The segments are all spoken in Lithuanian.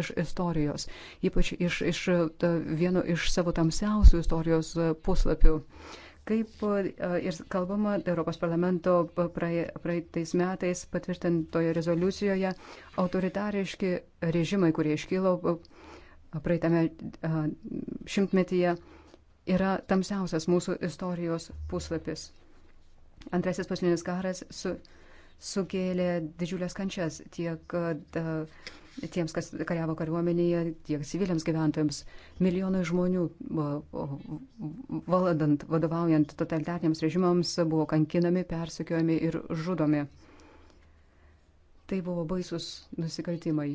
iš istorijos, ypač iš, iš vieno iš savo tamsiausių istorijos e, puslapių. Kaip e, ir kalbama Europos parlamento praeitais metais patvirtintoje rezoliucijoje, autoritariški režimai, kurie iškylo e, praeitame šimtmetyje, yra tamsiausias mūsų istorijos puslapis. Antrasis pasaulinis karas su sukėlė didžiulės kančias tiek e, tiems, kas kariavo kariuomenėje, tiek civiliams gyventojams. Milijonai žmonių, valdant, vadovaujant totalitariniams režimams, buvo kankinami, persekiojami ir žudomi. Tai buvo baisus nusikaltimai.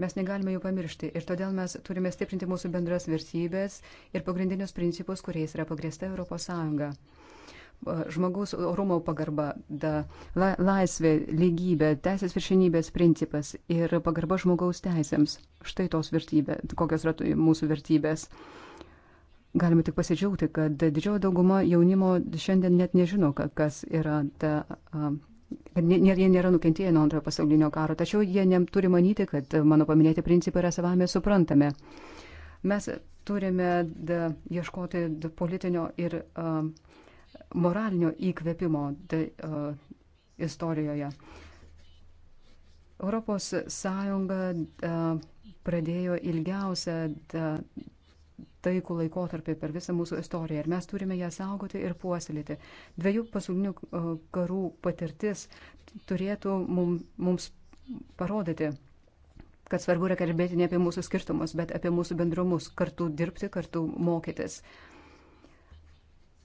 Mes negalime jų pamiršti ir todėl mes turime stiprinti mūsų bendras vertybės ir pagrindinius principus, kuriais yra pagrėsta ES žmogaus orumo pagarba, da, la, laisvė, lygybė, teisės viršinybės principas ir pagarba žmogaus teisėms. Štai tos vertybės, kokios yra mūsų vertybės. Galime tik pasidžiaugti, kad didžioji dauguma jaunimo šiandien net nežino, kas yra ta. Kad jie nėra nukentėję nuo antrojo pasaulinio karo, tačiau jie turi manyti, kad mano paminėti principai yra savame suprantami. Mes turime da, ieškoti da, politinio ir uh, moralinio įkvėpimo de, tai, uh, istorijoje. Europos Sąjunga uh, pradėjo ilgiausią uh, taikų laikotarpį per visą mūsų istoriją ir mes turime ją saugoti ir puoselėti. Dviejų pasaulinių e, karų patirtis turėtų mums parodyti, kad svarbu yra kalbėti ne apie mūsų skirtumus, bet apie mūsų bendrumus, kartu dirbti, kartu mokytis. Uh,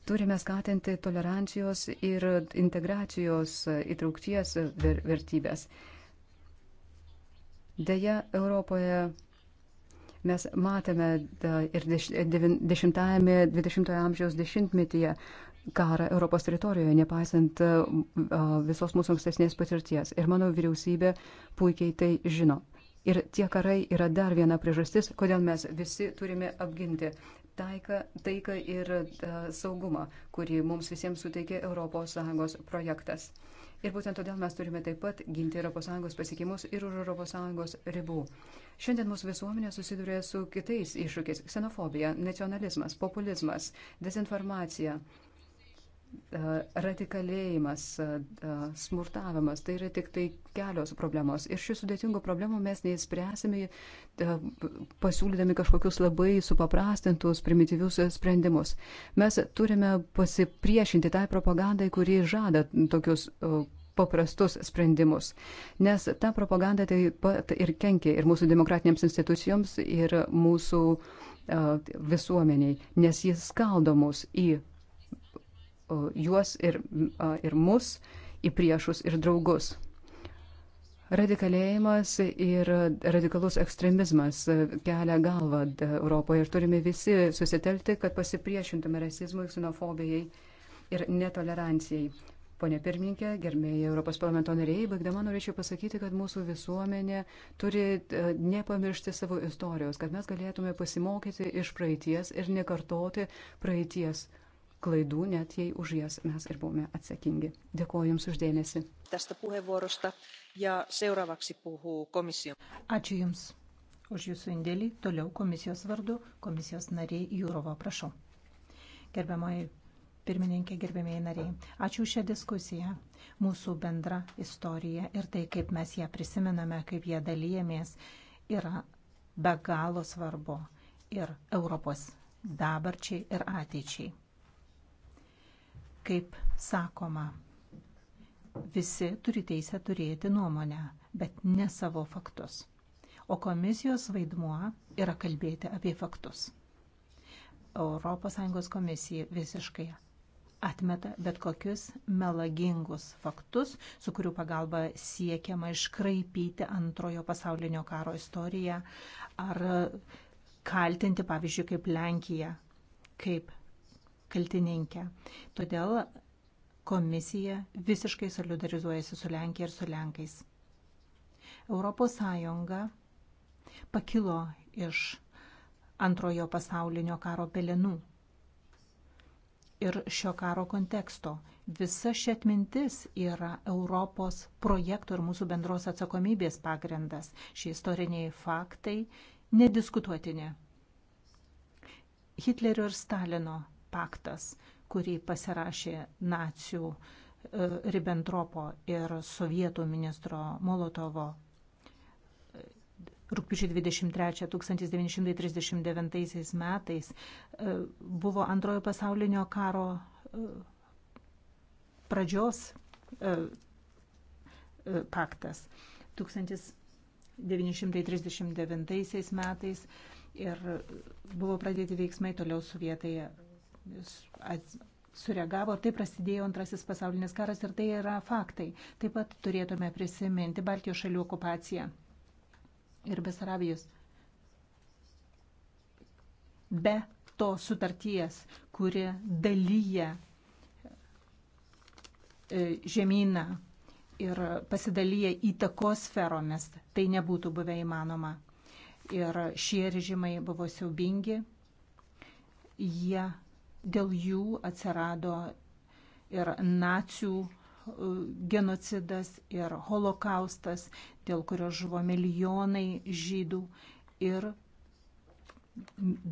Turime skatinti tolerancijos ir integracijos įtraukties ver vertybės. Deja, Europoje mes matėme ir 10-ame, 20-ojo amžiaus dešimtmetyje karą Europos teritorijoje, nepaisant visos mūsų ankstesnės patirties. Ir mano vyriausybė puikiai tai žino. Ir tie karai yra dar viena priežastis, kodėl mes visi turime apginti taiką, taiką ir e, saugumą, kurį mums visiems suteikė ES projektas. Ir būtent todėl mes turime taip pat ginti ES pasiekimus ir už ES ribų. Šiandien mūsų visuomenė susiduria su kitais iššūkiais - ksenofobija, nacionalizmas, populizmas, dezinformacija. E, radikalėjimas, e, e, smurtavimas, tai yra tik tai kelios problemos. Ir šių sudėtingų problemų mes neįspręsime pasiūlydami kažkokius labai supaprastintus, primityvius sprendimus. Mes turime pasipriešinti tai propagandai, kuri žada tokius paprastus sprendimus. Nes ta propaganda taip pat ir kenkia ir mūsų demokratinėms institucijoms, ir mūsų uh, visuomeniai, nes jis skaldo mus į juos ir, ir mus į priešus ir draugus. Radikalėjimas ir radikalus ekstremizmas kelia galvą Europoje ir turime visi susitelti, kad pasipriešintume rasizmui, ksenofobijai ir netolerancijai. Pone pirmininkė, gerbėjai Europos parlamento nariai, baigdama norėčiau pasakyti, kad mūsų visuomenė turi nepamiršti savo istorijos, kad mes galėtume pasimokyti iš praeities ir nekartoti praeities klaidų, net jei už jas mes ir buvome atsakingi. Dėkuoju Jums uždėmesi. Ačiū Jums už Jūsų indėlį. Toliau komisijos vardu komisijos nariai Jūrovo, prašau. Gerbiamoji pirmininkė, gerbėmiai nariai, ačiū už šią diskusiją, mūsų bendrą istoriją ir tai, kaip mes ją prisimename, kaip ją dalyjamės, yra be galo svarbu ir Europos dabarčiai ir ateičiai. Kaip sakoma, visi turi teisę turėti nuomonę, bet ne savo faktus. O komisijos vaidmuo yra kalbėti apie faktus. ES komisija visiškai atmeta bet kokius melagingus faktus, su kurių pagalba siekiama iškraipyti antrojo pasaulinio karo istoriją ar kaltinti, pavyzdžiui, kaip Lenkija, kaip kaltininkė. Todėl komisija visiškai solidarizuojasi su Lenkija ir su Lenkais. Europos Sąjunga pakilo iš antrojo pasaulinio karo pelenų ir šio karo konteksto. Visa ši atmintis yra Europos projektų ir mūsų bendros atsakomybės pagrindas. Šie istoriniai faktai nediskutuotini. Hitlerio ir Stalino paktas, kurį pasirašė nacijų e, Ribbentropo ir sovietų ministro Molotovo e, rūpiučio 23 1939 metais e, buvo antrojo pasaulinio karo pradžios paktas. 1939 metais ir buvo pradėti veiksmai toliau sovietai sureagavo ir tai prasidėjo antrasis pasaulinis karas ir tai yra faktai. Taip pat turėtume prisiminti Baltijos šalių okupaciją ir Besarabijos. Be to sutarties, kuri dalyja e, žemyną ir pasidalyja įtakos sferomis, tai nebūtų buvę įmanoma. Ir šie režimai buvo siaubingi, jie dėl jų atsirado ir nacijų e, genocidas ir holokaustas, dėl kurio žuvo milijonai žydų ir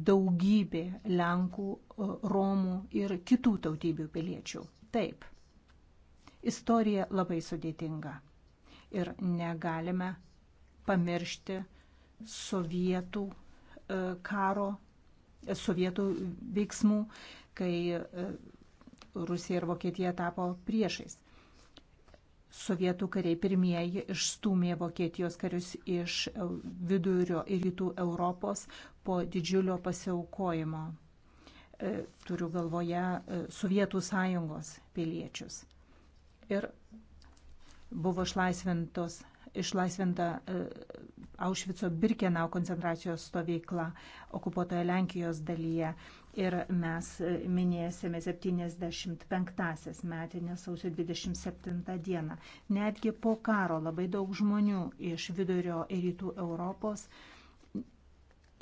daugybė Lenkų, e, Romų ir kitų tautybių piliečių. Taip, istorija labai sudėtinga ir negalime pamiršti sovietų e, karo, sovietų veiksmų, kai e, Rusija ir Vokietija tapo priešais. Sovietų kariai pirmieji išstumė Vokietijos karius iš vidurio ir rytų Europos po didžiulio pasiaukojimo. E, turiu galvoje e, Sovietų sąjungos piliečius. Ir buvo išlaisvintos išlaisvinta Aušvico Birkenau koncentracijos stovykla okupuotoje Lenkijos dalyje ir mes minėsime 75-asias metinės sausio 27 dieną. Netgi po karo labai daug žmonių iš vidurio ir rytų Europos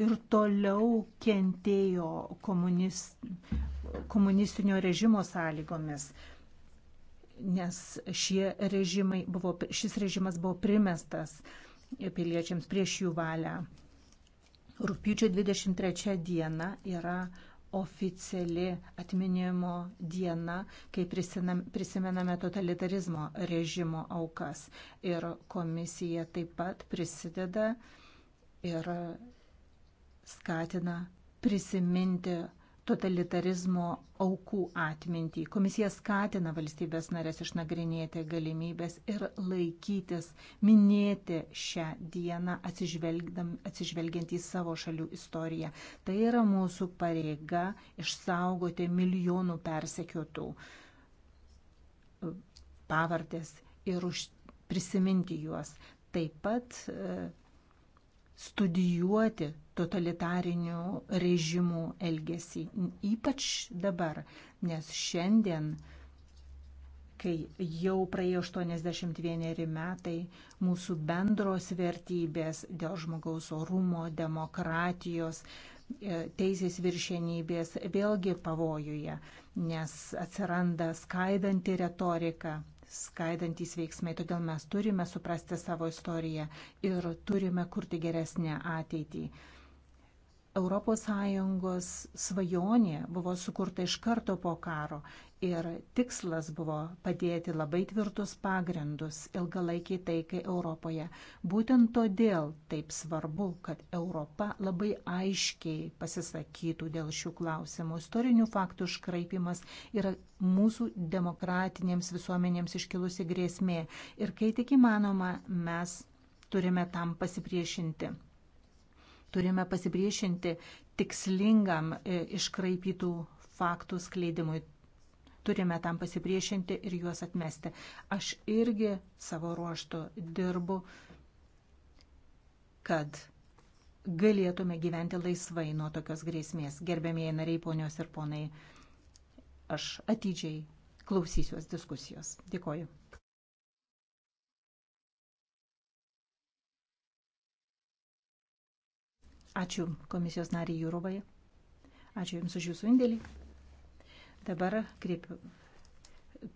ir toliau kentėjo komunist, komunistinio režimo sąlygomis nes šie režimai buvo, šis režimas buvo primestas piliečiams prieš jų valią. Rūpiučio 23 diena yra oficiali atminimo diena, kai prisimename totalitarizmo režimo aukas. Ir komisija taip pat prisideda ir skatina prisiminti totalitarizmo aukų atmintį. Komisija skatina valstybės narės išnagrinėti galimybės ir laikytis, minėti šią dieną atsižvelgiant į savo šalių istoriją. Tai yra mūsų pareiga išsaugoti milijonų persekiotų pavardės ir už, prisiminti juos. Taip pat e, studijuoti totalitarinių režimų elgesį, ypač dabar, nes šiandien, kai jau praėjo 81 metai, mūsų bendros vertybės dėl žmogaus orumo, demokratijos, e, teisės viršienybės vėlgi pavojuje, nes atsiranda skaidanti retorika skaidantys veiksmai. Todėl mes turime suprasti savo istoriją ir turime kurti geresnę ateitį. ES svajonė buvo sukurta iš karto po karo ir tikslas buvo padėti labai tvirtus pagrindus ilgalaikiai taikai Europoje. Būtent todėl taip svarbu, kad Europa labai aiškiai pasisakytų dėl šių klausimų. Istorinių faktų iškraipimas yra mūsų demokratinėms visuomenėms iškilusi grėsmė ir kai tik įmanoma, mes turime tam pasipriešinti. Turime pasipriešinti tikslingam e, iškraipytų faktų skleidimui turime tam pasipriešinti ir juos atmesti. Aš irgi savo ruoštų dirbu, kad galėtume gyventi laisvai nuo tokios grėsmės. Gerbėmėjai nariai, ponios ir ponai, aš atidžiai klausysiuos diskusijos. Dėkoju. Ačiū komisijos nariai Jūrovai. Ačiū Jums už Jūsų indėlį. Dabar kreipiu.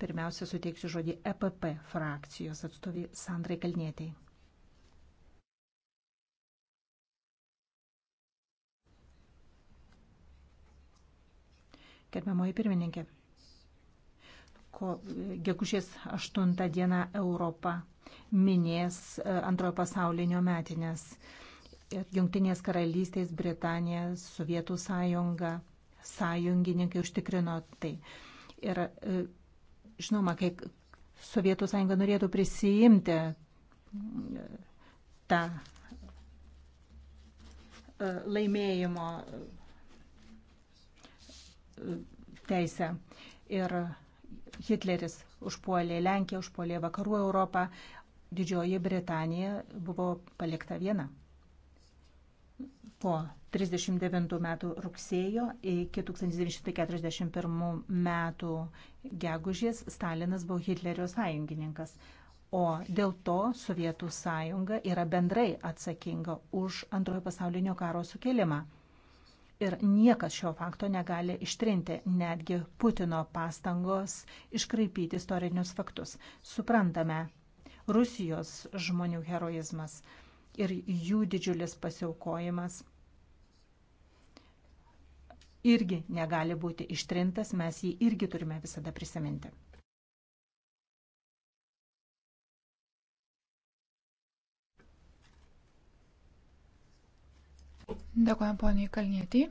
Pirmiausia, suteiksiu žodį EPP frakcijos atstovį Sandrai Kalnėtėjai. Gerbiamoji pirmininkė, ko, gegužės 8 dieną Europą minės e, antrojo pasaulinio metinės. Jungtinės karalystės, Britanija, Sovietų sąjunga sąjungininkai užtikrino tai. Ir e, žinoma, kai Sovietų sąjunga norėtų prisijimti e, tą e, laimėjimo teisę. Ir Hitleris užpuolė Lenkiją, užpuolė Vakarų Europą, Didžioji Britanija buvo palikta viena po 1939 metų rugsėjo iki 1941 metų gegužės Stalinas buvo Hitlerio sąjungininkas, o dėl to Sovietų sąjunga yra bendrai atsakinga už antrojo pasaulinio karo sukilimą. Ir niekas šio fakto negali ištrinti, netgi Putino pastangos iškraipyti istorinius faktus. Suprantame, Rusijos žmonių heroizmas – ir jų didžiulis pasiaukojimas irgi negali būti ištrintas, mes jį irgi turime visada prisiminti. Dėkojame poniai Kalnietį.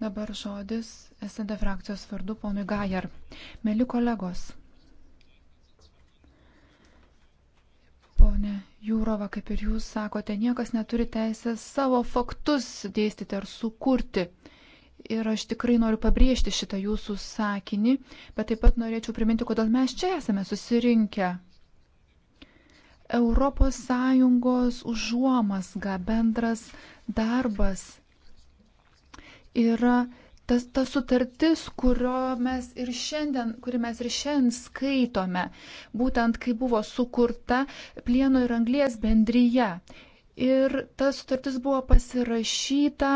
Dabar žodis SND frakcijos vardu ponui Gajar. Mėly kolegos, Pone Jūrova, kaip ir jūs sakote, niekas neturi teisės savo faktus dėstyti ar sukurti. Ir aš tikrai noriu pabrėžti šitą jūsų sakinį, bet taip pat norėčiau priminti, kodėl mes čia esame susirinkę. Europos Sąjungos užuomasga, bendras darbas yra tas, ta sutartis, mes šiandien, kuri mes ir šiandien skaitome, būtent kai buvo sukurta plieno ir anglės bendryje. Ir ta sutartis buvo pasirašyta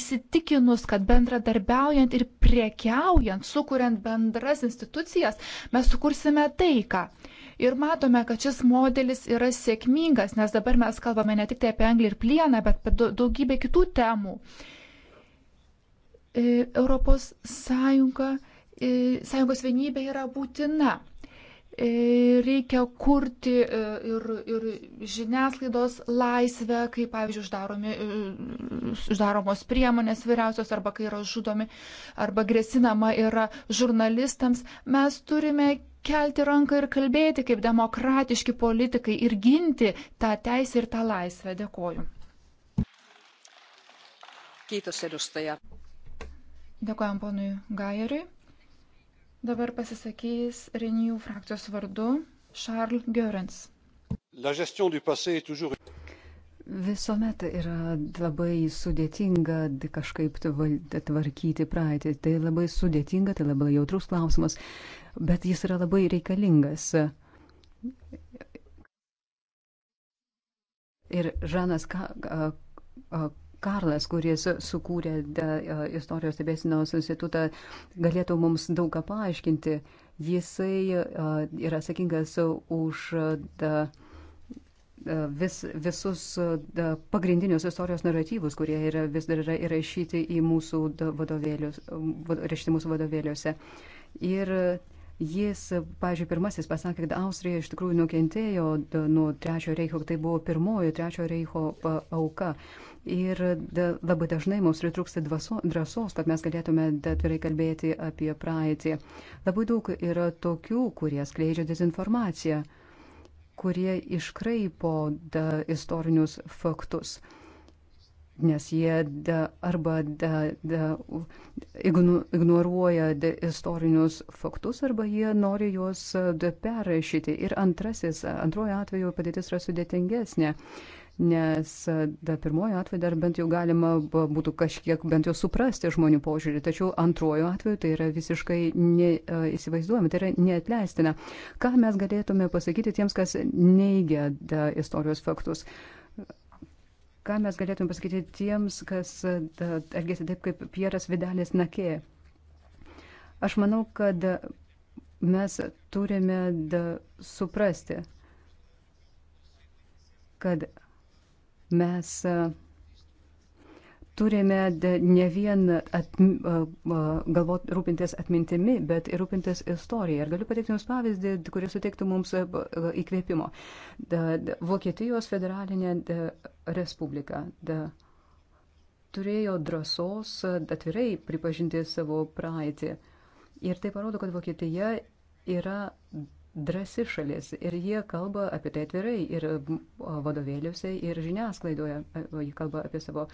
įsitikinus, kad bendradarbiaujant ir priekiaujant, sukuriant bendras institucijas, mes sukursime taiką. Ir matome, kad šis modelis yra sėkmingas, nes dabar mes kalbame ne tik tai apie anglį ir plieną, bet apie daugybę kitų temų. Uh, E, Europos sąjunga, e, sąjungos vienybė yra būtina. E, reikia kurti ir, ir žiniasklaidos laisvę, kai, pavyzdžiui, uždaromi, uždaromos priemonės vyriausios arba kai yra žudomi arba gresinama yra žurnalistams. Mes turime kelti ranką ir kalbėti kaip demokratiški politikai ir ginti tą teisę ir tą laisvę. Dėkoju. Kiitos edustaja. Dėkojam ponui Gajeriui. Dabar pasisakys Renijų frakcijos vardu Charles Görens. Visuomet yra labai sudėtinga kažkaip tvarkyti praeitį. Tai labai sudėtinga, tai labai jautrus klausimas, bet jis yra labai reikalingas. Ir Žanas Karlas, kuris sukūrė e, e, istorijos stebėsinos institutą, galėtų mums daugą paaiškinti. Jisai e, yra atsakingas už vis, visus pagrindinius istorijos naratyvus, kurie yra, vis dar yra įrašyti į mūsų vadovėlius, rašyti mūsų vadovėliuose. Ir Jis, pažiūrėjau, pirmasis pasakė, kad Austrija iš tikrųjų nukentėjo nuo Trečiojo Reicho, tai buvo pirmoji Trečiojo Reicho auka. Ir da, labai dažnai mums pritrūksta drąsos, kad mes galėtume atvirai kalbėti apie praeitį. Labai daug yra tokių, kurie skleidžia dezinformaciją, kurie iškraipo da, istorinius faktus. Nes jie da, arba da, da, ignu, ignoruoja da, istorinius faktus, arba jie nori juos da, perrašyti. Ir antrasis, antrojo atveju padėtis yra sudėtingesnė. Uh, nes e, da, pirmojo atveju dar bent jau galima būtų kažkiek bent jau suprasti žmonių požiūrį, tačiau antrojo atveju tai yra visiškai neįsivaizduojama, e, tai yra neatleistina. Ką mes galėtume pasakyti tiems, kas neigia da, istorijos faktus? Ką mes galėtume pasakyti tiems, kas da, elgėsi taip, kaip Pieras Vidalis Nakė? Aš manau, kad mes turime da, suprasti, kad Mes e, turime ne vien at, e, e, galvot rūpintis atmintimi, bet ir rūpintis istorija. Ir galiu pateikti Jums pavyzdį, kuris suteiktų mums įkvėpimo. Vokietijos federalinė respublika turėjo drąsos atvirai pripažinti savo praeitį. Ir tai parodo, kad Vokietija yra drasi šalis ir jie kalba apie tai atvirai ir vadovėliuose, ir žiniasklaidoje. Jie kalba apie savo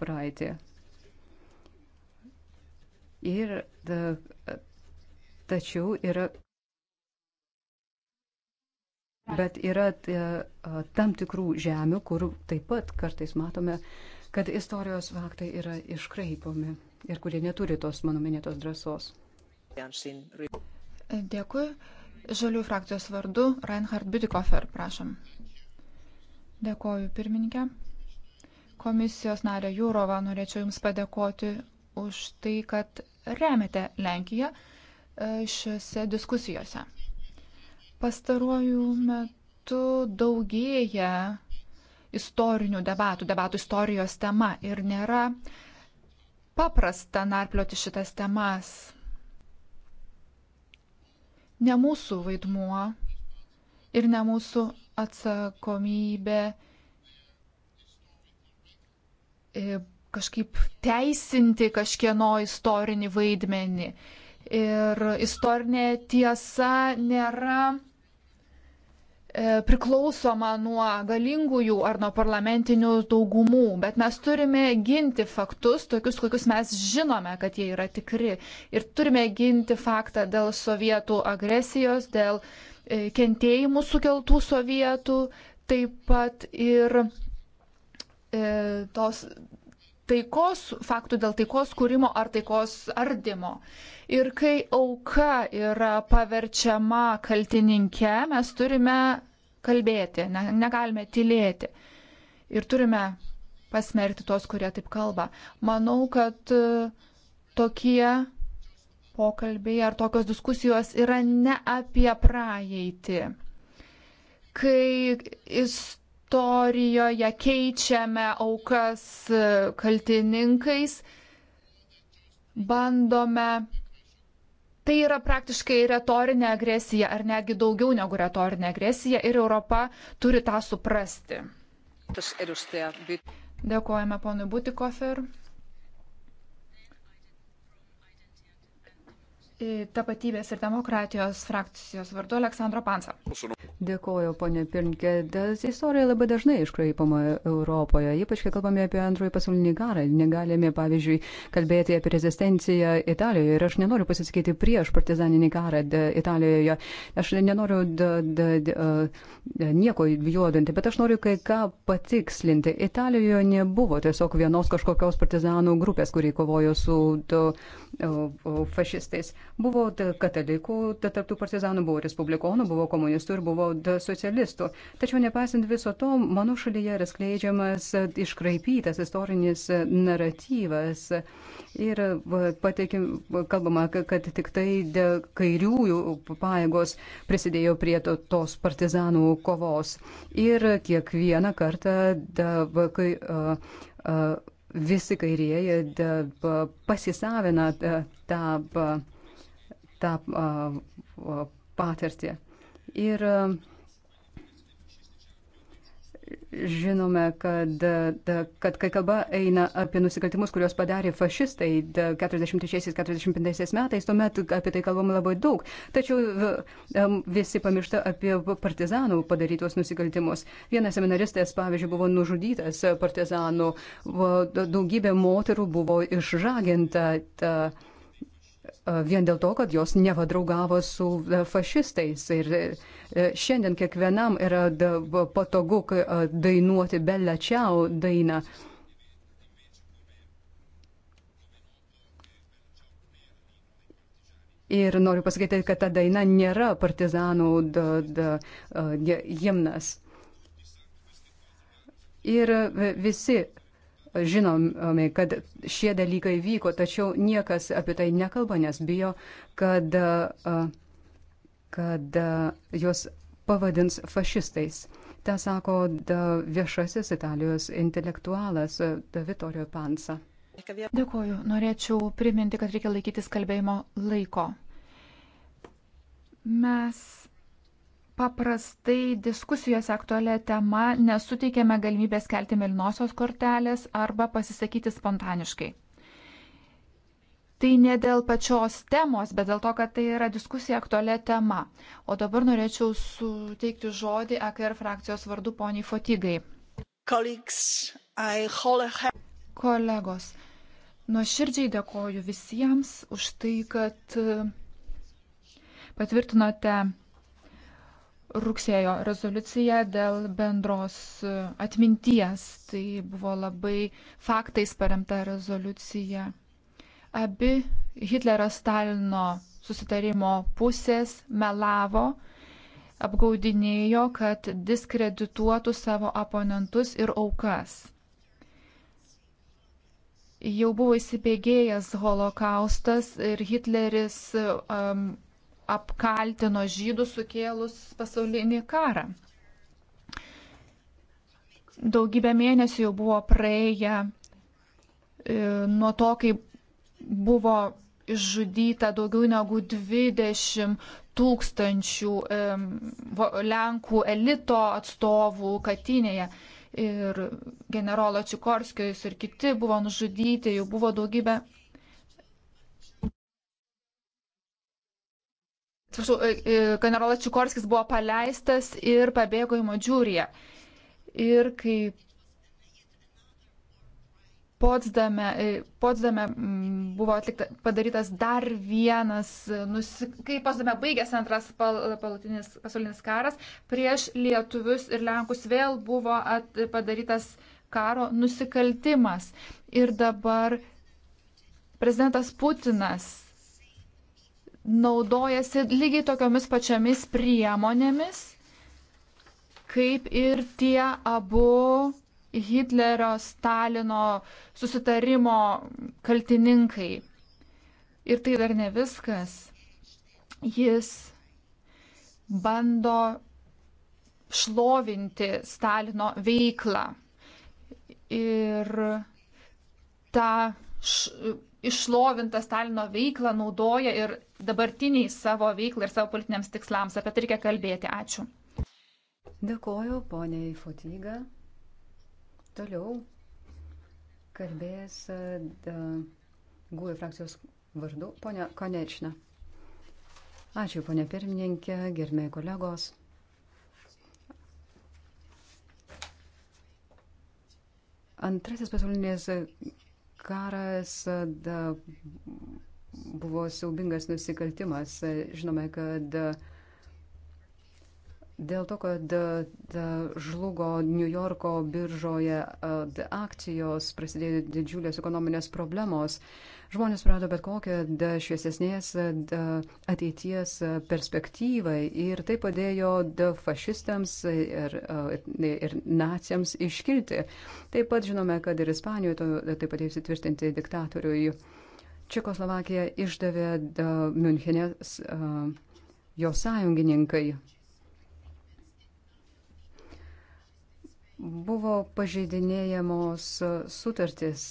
praeitį. Ir tačiau yra. Bet yra tam tikrų žemių, kur taip pat kartais matome, kad istorijos faktai yra iškraipomi ir kurie neturi tos mano minėtos drąsos. Janšin. Dėkui. Žaliųjų frakcijos vardu Reinhard Bütikofer, prašom. Dėkoju, pirmininkė. Komisijos narė Jūrova, norėčiau Jums padėkoti už tai, kad remiate Lenkiją e, šiuose diskusijose. Pastaruoju metu daugėja istorinių debatų, debatų istorijos tema ir nėra paprasta narplioti šitas temas ne mūsų vaidmuo ir ne mūsų atsakomybė e, kažkaip teisinti kažkieno istorinį vaidmenį. Ir istorinė tiesa nėra E, priklausoma nuo galingųjų ar nuo parlamentinių daugumų, bet mes turime ginti faktus, tokius, kokius mes žinome, kad jie yra tikri. Ir turime ginti faktą dėl sovietų agresijos, dėl e, kentėjimų sukeltų sovietų, taip pat ir e, tos taikos, faktų dėl taikos kūrimo ar taikos ardymo. Ir kai auka yra paverčiama kaltininke, mes turime kalbėti, ne, negalime tylėti. Ir turime pasmerkti tos, kurie taip kalba. Manau, kad e, tokie pokalbiai ar tokios diskusijos yra ne apie praeitį. Kai istorija istorijoje keičiame aukas e, kaltininkais, bandome. Tai yra praktiškai retorinė agresija, ar netgi daugiau negu retorinė agresija, ir Europa turi tą suprasti. Dėkojame ponui Butikofer. Tapatybės ir demokratijos frakcijos vardu Aleksandro Pansa. Dėkoju, ponė Pirnkė. Das istorija labai dažnai iškraipama Europoje, ypač kai kalbame apie antrąjį pasaulinį karą. Negalime, pavyzdžiui, kalbėti apie rezistenciją Italijoje. Ir aš nenoriu pasiskyti prieš partizaninį karą Italijoje. Aš nenoriu da, da, da, nieko juodinti, bet aš noriu kai ką patikslinti. Italijoje nebuvo tiesiog vienos kažkokios partizanų grupės, kurie kovojo su da, fašistais. Buvo katalikų, tarptų partizanų buvo respublikonų, buvo komunistų ir buvo socialistų. Tačiau nepaisant viso to, mano šalyje yra skleidžiamas e, iškraipytas istorinis e, naratyvas. Ir pateikim, kalbama, kad tik tai kairiųjų paėgos prisidėjo prie to, tos partizanų kovos. Ir kiekvieną kartą da, kai, a, e, a, visi kairieji da, pasisavina tą tą patirtį. Ir žinome, kad, kad kai kalba eina apie nusikaltimus, kuriuos padarė fašistai 46-45 metais, tuomet apie tai kalbam labai daug. Tačiau visi pamiršta apie partizanų padarytos nusikaltimus. Vienas seminaristas, pavyzdžiui, buvo nužudytas partizanų, daugybė moterų buvo išžaginta. Ta, E, vien dėl to, kad jos nevadraugavo su e, fašistais. Ir e, šiandien kiekvienam yra patogu dainuoti Bella Ciao dainą. Ir noriu pasakyti, kad ta daina nėra partizanų da, da, jimnas. Ir visi žinome, kad šie dalykai vyko, tačiau niekas apie tai nekalba, nes bijo, kad, kad juos pavadins fašistais. Ta sako viešasis Italijos intelektualas Vittorio Pansa. Dėkuoju. Norėčiau priminti, kad reikia laikytis kalbėjimo laiko. Mes paprastai diskusijose aktualią temą nesuteikiame galimybės kelti melnosios kortelės arba pasisakyti spontaniškai. Tai ne dėl pačios temos, bet dėl to, kad tai yra diskusija aktualią temą. O dabar norėčiau suteikti žodį AKR frakcijos vardu poniai Fotygai. Kolegos, nuoširdžiai dėkoju visiems už tai, kad patvirtinote rugsėjo rezoliuciją dėl bendros e, atminties. Tai buvo labai faktais paremta rezoliucija. Abi Hitlerio Stalino susitarimo pusės melavo, apgaudinėjo, kad diskredituotų savo oponentus ir aukas. Jau buvo įsibėgėjęs holokaustas ir Hitleris um, apkaltino žydus sukėlus pasaulinį karą. Daugybę mėnesių jau buvo praėję e, nuo to, kai buvo išžudyta daugiau negu 20 tūkstančių e, Lenkų elito atstovų Katinėje. Ir generolo Čikorskijus ir kiti buvo nužudyti, jau buvo daugybė atsiprašau, e, e, generolas Čikorskis buvo paleistas ir pabėgo į Modžiūriją. Ir kai Potsdame, e, Potsdame mm, buvo atlikta, padarytas dar vienas, nusi, kai Potsdame baigėsi antras pal, palatinis pasaulinis karas, prieš lietuvius ir lenkus vėl buvo at, padarytas karo nusikaltimas. Ir dabar prezidentas Putinas naudojasi lygiai tokiomis pačiamis priemonėmis, kaip ir tie abu Hitlerio Stalino susitarimo kaltininkai. Ir tai dar ne viskas. Jis bando šlovinti Stalino veiklą. Ir tą š, išlovintą Stalino veiklą naudoja ir dabartiniai savo veiklą ir savo politiniams tikslams. Apie tai reikia kalbėti. Ačiū. Dėkoju, poniai Fotyga. Toliau kalbės e, GUE frakcijos vardu ponia Konečna. Ačiū, ponia pirmininkė, gerbėjai kolegos. Antrasis pasaulinės karas da, buvo siaubingas nusikaltimas. Žinome, kad Dėl to, kad e, žlugo New Yorko biržoje e, akcijos, prasidėjo didžiulės ekonominės problemos, žmonės prarado bet kokią šviesesnės e, ateities perspektyvai ir tai padėjo fašistams ir, ir nacijams iškilti. Taip pat žinome, kad ir Ispanijoje tai padėjo įsitvirtinti diktatoriui. Čekoslovakija išdavė Münchenės jo sąjungininkai. buvo pažeidinėjamos sutartys.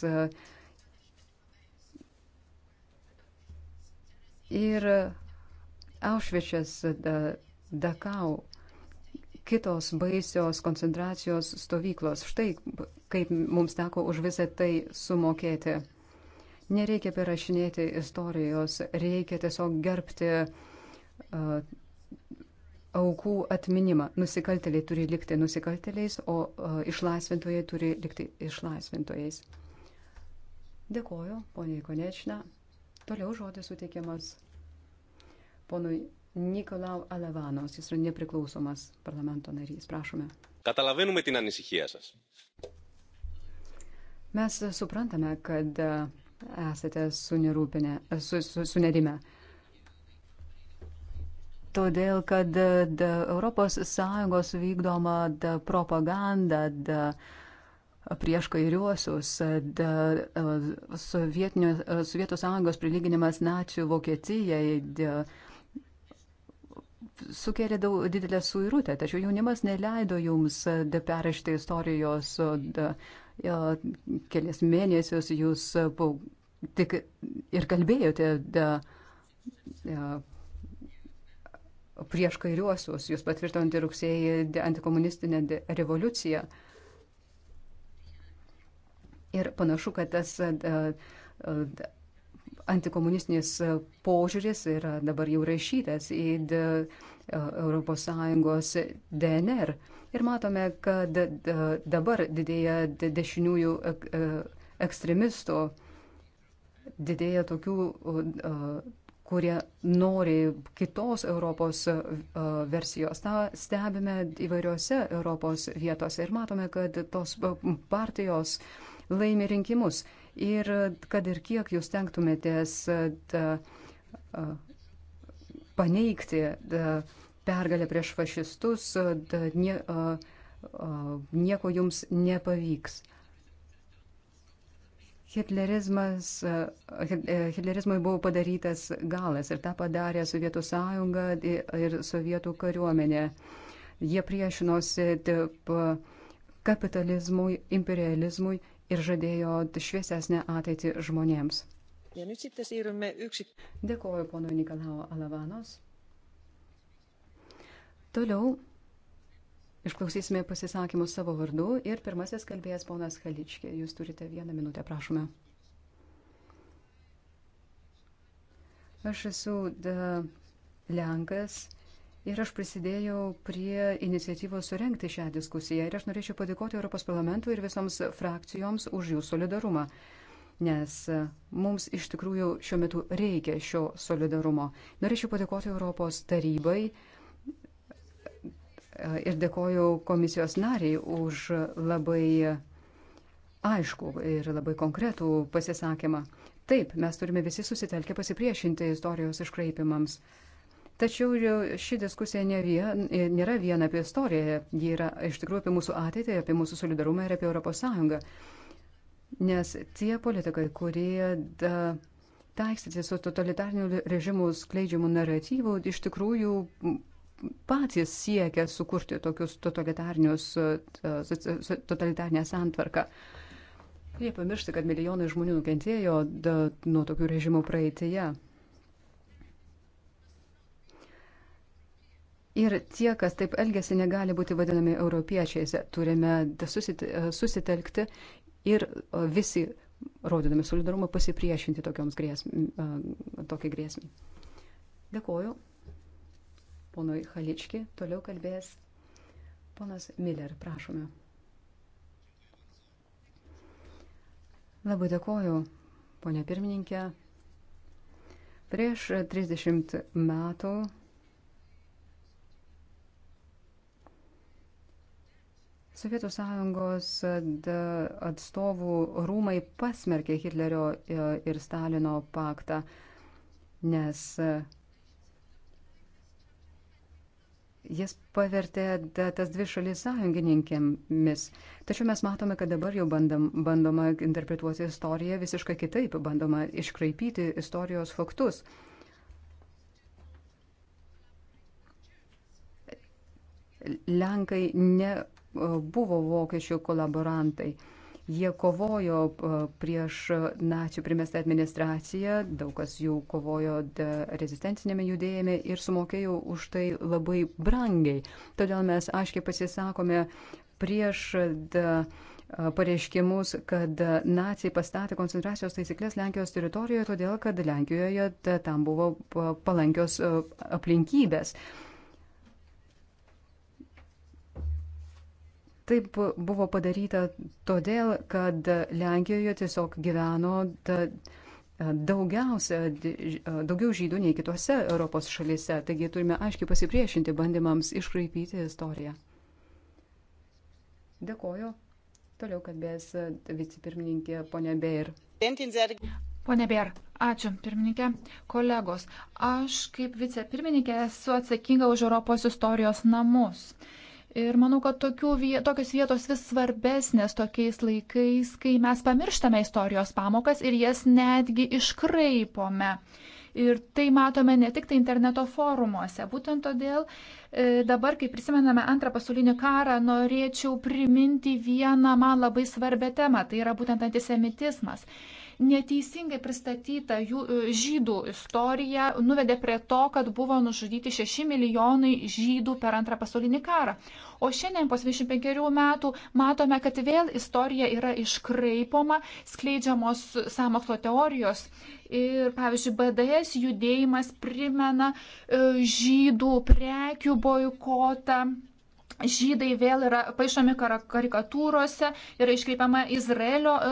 Ir Aušvičias, Dakau, kitos baisios koncentracijos stovyklos. Štai kaip mums teko už visą tai sumokėti. Nereikia perrašinėti istorijos, reikia tiesiog gerbti uh, aukų atminimą. Nusikaltėliai turi likti nusikaltėliais, o e, išlaisvintojai turi likti išlaisvintojais. Dėkoju, poniai Konečna. Toliau žodis suteikiamas ponui Nikolau Alevanos. Jis yra nepriklausomas parlamento narys. Prašome. Katalavinumai tin anisihijasas. Mes suprantame, kad e, esate sunerūpinę, su, su, sunerime. Su todėl kad ES vykdoma propaganda prieš kairiuosius, e, e, e, Sovietų sąjungos prilyginimas nacijų Vokietijai sukėlė daug, didelę suirutę, tačiau jaunimas neleido jums perrašti istorijos da, ja, kelias mėnesius, jūs po, tik ir kalbėjote da, ja, prieš kairiuosius, jūs patvirtinate rugsėjį antikomunistinę revoliuciją. Ir panašu, kad tas antikomunistinis požiūris yra dabar jau rašytas į ES DNR. Ir matome, kad dabar didėja dešiniųjų e, e, ekstremistų, didėja tokių kurie nori kitos Europos e, versijos. Ta stebime įvairiose Europos vietose ir matome, kad tos e, partijos laimi rinkimus. Ir kad ir kiek jūs tenktumėtės e, ta, paneigti ta, pergalę prieš fašistus, ta, nie, nieko jums nepavyks. Hitlerizmas, e, e, hitlerizmui buvo padarytas galas ir tą padarė Sovietų sąjunga ir Sovietų kariuomenė. Jie priešinosi kapitalizmui, imperializmui ir žadėjo šviesesnę ateitį žmonėms. Dėkoju pono Nikolao Alavanos. Toliau Išklausysime pasisakymus savo vardu ir pirmasis kalbėjęs ponas Haličkė. Jūs turite vieną minutę, prašome. Aš esu da, Lenkas ir aš prisidėjau prie iniciatyvos surenkti šią diskusiją ir aš norėčiau padėkoti Europos parlamentui ir visoms frakcijoms už jų solidarumą, nes e, mums iš tikrųjų šiuo metu reikia šio solidarumo. Norėčiau padėkoti Europos tarybai ir dėkoju komisijos nariai už labai aišku ir labai konkretų pasisakymą. Taip, mes turime visi susitelkę pasipriešinti istorijos iškraipimams. Tačiau ši diskusija ne vien, nėra viena apie istoriją, ji yra iš tikrųjų apie mūsų ateitį, apie mūsų solidarumą ir apie ES. Nes tie politikai, kurie da, taikstyti su totalitarnių režimų skleidžiamų naratyvų, iš tikrųjų patys siekia sukurti tokius totalitarnius, e, e, totalitarnę santvarką. Jie pamiršta, kad milijonai žmonių nukentėjo nuo tokių režimų praeitėje. Ir tie, kas taip elgesi, negali būti vadinami europiečiais. Turime e, susitelkti ir visi, rodydami solidarumą, pasipriešinti tokioms grėsmėms. Tokiai grėsmiai. Dėkoju ponui Halički. Toliau kalbės ponas Miller. Prašome. Labai dėkoju, ponė pirmininkė. Prieš 30 metų Sovietų sąjungos atstovų rūmai pasmerkė Hitlerio e, ir Stalino paktą, nes Jis pavertė tas dvi šalis sąjungininkėmis. Tačiau mes matome, kad dabar jau bandam, bandoma interpretuoti istoriją visiškai kitaip, bandoma iškraipyti istorijos faktus. Lenkai nebuvo vokiečių kolaborantai. Jie kovojo e, prieš nacių primestą administraciją, daug kas jų kovojo rezistencinėme judėjime ir sumokėjo už tai labai brangiai. Todėl mes aiškiai pasisakome prieš e, pareiškimus, kad nacijai pastatė koncentracijos taisyklės Lenkijos teritorijoje, todėl kad Lenkijoje tam buvo palankios e, aplinkybės. Taip buvo padaryta todėl, kad Lenkijoje tiesiog gyveno e, daugiausia, e, daugiau žydų nei kitose Europos šalise. Taigi turime aiškiai pasipriešinti bandymams iškraipyti istoriją. Dėkoju. Toliau kalbės vicepirmininkė ponė Beir. Pone Bėr, ačiū, pirmininkė. Kolegos, aš kaip vicepirmininkė esu atsakinga už Europos istorijos namus. Ir manau, kad viet, tokios vietos vis svarbesnės tokiais laikais, kai mes pamirštame istorijos pamokas ir jas netgi iškraipome. Ir tai matome ne tik tai interneto forumuose. Būtent todėl e, dabar, kai prisimename antrą pasaulinį karą, norėčiau priminti vieną man labai svarbę temą. Tai yra būtent antisemitizmas. Neteisingai pristatyta jų e, žydų istorija nuvedė prie to, kad buvo nužudyti 6 milijonai žydų per antrą pasaulinį karą. O šiandien po 25 metų matome, kad vėl istorija yra iškraipoma, skleidžiamos samokslo teorijos. Ir, pavyzdžiui, BDS judėjimas primena e, žydų prekių boikotą žydai vėl yra paaišomi karikatūrose, yra iškreipiama Izraelio e,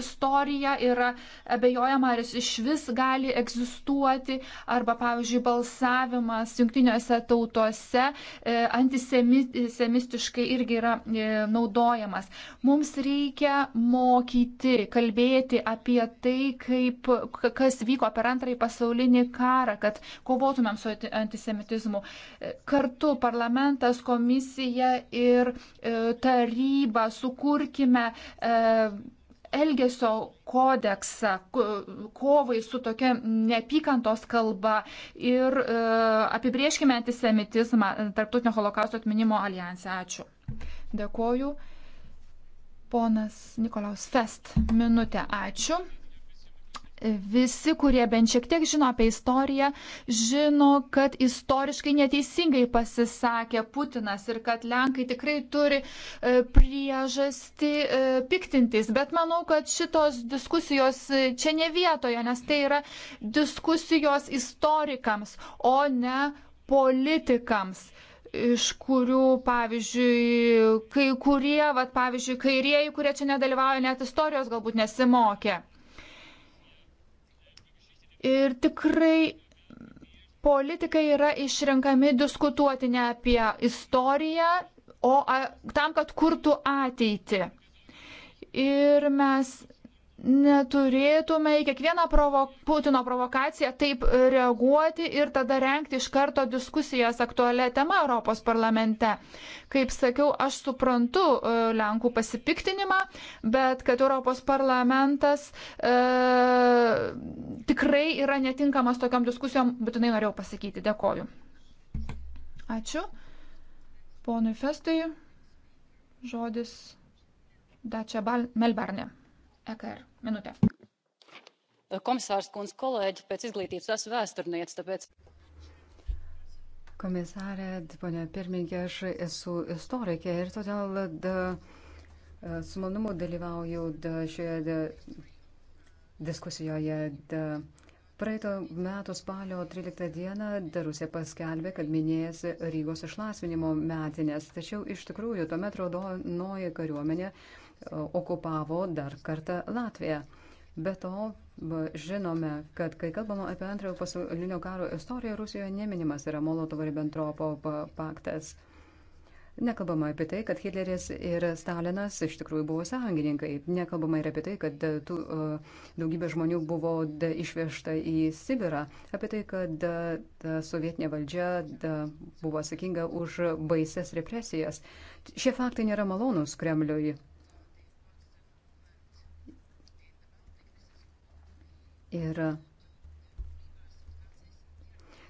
istorija, yra abejojama, ar jis iš vis gali egzistuoti, arba, pavyzdžiui, balsavimas jungtiniuose tautuose e, antisemistiškai irgi yra e, naudojamas. Mums reikia mokyti, kalbėti apie tai, kaip, kas vyko per antrąjį pasaulinį karą, kad kovotumėm su antisemitizmu. E, kartu parlamentas, komisija, komisija ir e, taryba sukurkime e, elgesio kodeksą kovai su tokia neapykantos kalba ir e, apibrieškime antisemitizmą Tarptautinio holokausto atminimo alijansė. Ačiū. Dėkoju. Ponas Nikolaus Fest, minutė. Ačiū. Visi, kurie bent šiek tiek žino apie istoriją, žino, kad istoriškai neteisingai pasisakė Putinas ir kad Lenkai tikrai turi e, priežasti e, piktintis. Bet manau, kad šitos diskusijos e, čia ne vietoje, nes tai yra diskusijos istorikams, o ne politikams iš kurių, pavyzdžiui, kai kurie, vat, pavyzdžiui, kairieji, kurie čia nedalyvauja, net istorijos galbūt nesimokė. Ir tikrai politikai yra išrenkami diskutuoti ne apie istoriją, o a, tam, kad kurtų ateitį. Ir mes neturėtume į kiekvieną provo Putino provokaciją taip reaguoti ir tada renkti iš karto diskusijas aktualią temą Europos parlamente. Kaip sakiau, aš suprantu e, Lenkų pasipiktinimą, bet kad Europos parlamentas e, tikrai yra netinkamas tokiam diskusijom, būtinai norėjau pasakyti. Dėkoju. Ačiū. Ponui Festui žodis Dačia Melberne. EKR. Minutė. Komisārs Kunz, kolēģi, pēc izglītības esmu vēsturniece, tāpēc. Komisārė, ponia pirmininkė, aš esu istorikė ir todėl da, su manumu dalyvauju da, šioje da, diskusijoje. Da, Praeito metų spalio 13 dieną Darusė paskelbė, kad minėjęs Rygos išlaisvinimo metinės, tačiau iš tikrųjų tuomet raudonoji kariuomenė uh, okupavo dar kartą Latviją. Be to, žinome, kad kai kalbama apie antrojo pasaulinio karo istoriją, Rusijoje neminimas yra Molotovo-Ribbentropo paktas. Nekalbama apie tai, kad Hitleris ir Stalinas iš tikrųjų buvo sąjungininkai. Nekalbama ir apie tai, kad tų, e, daugybė žmonių buvo išvežta į Sibirą. Apie tai, kad sovietinė valdžia buvo atsakinga už baises represijas. Šie faktai nėra malonus Kremliui. Ir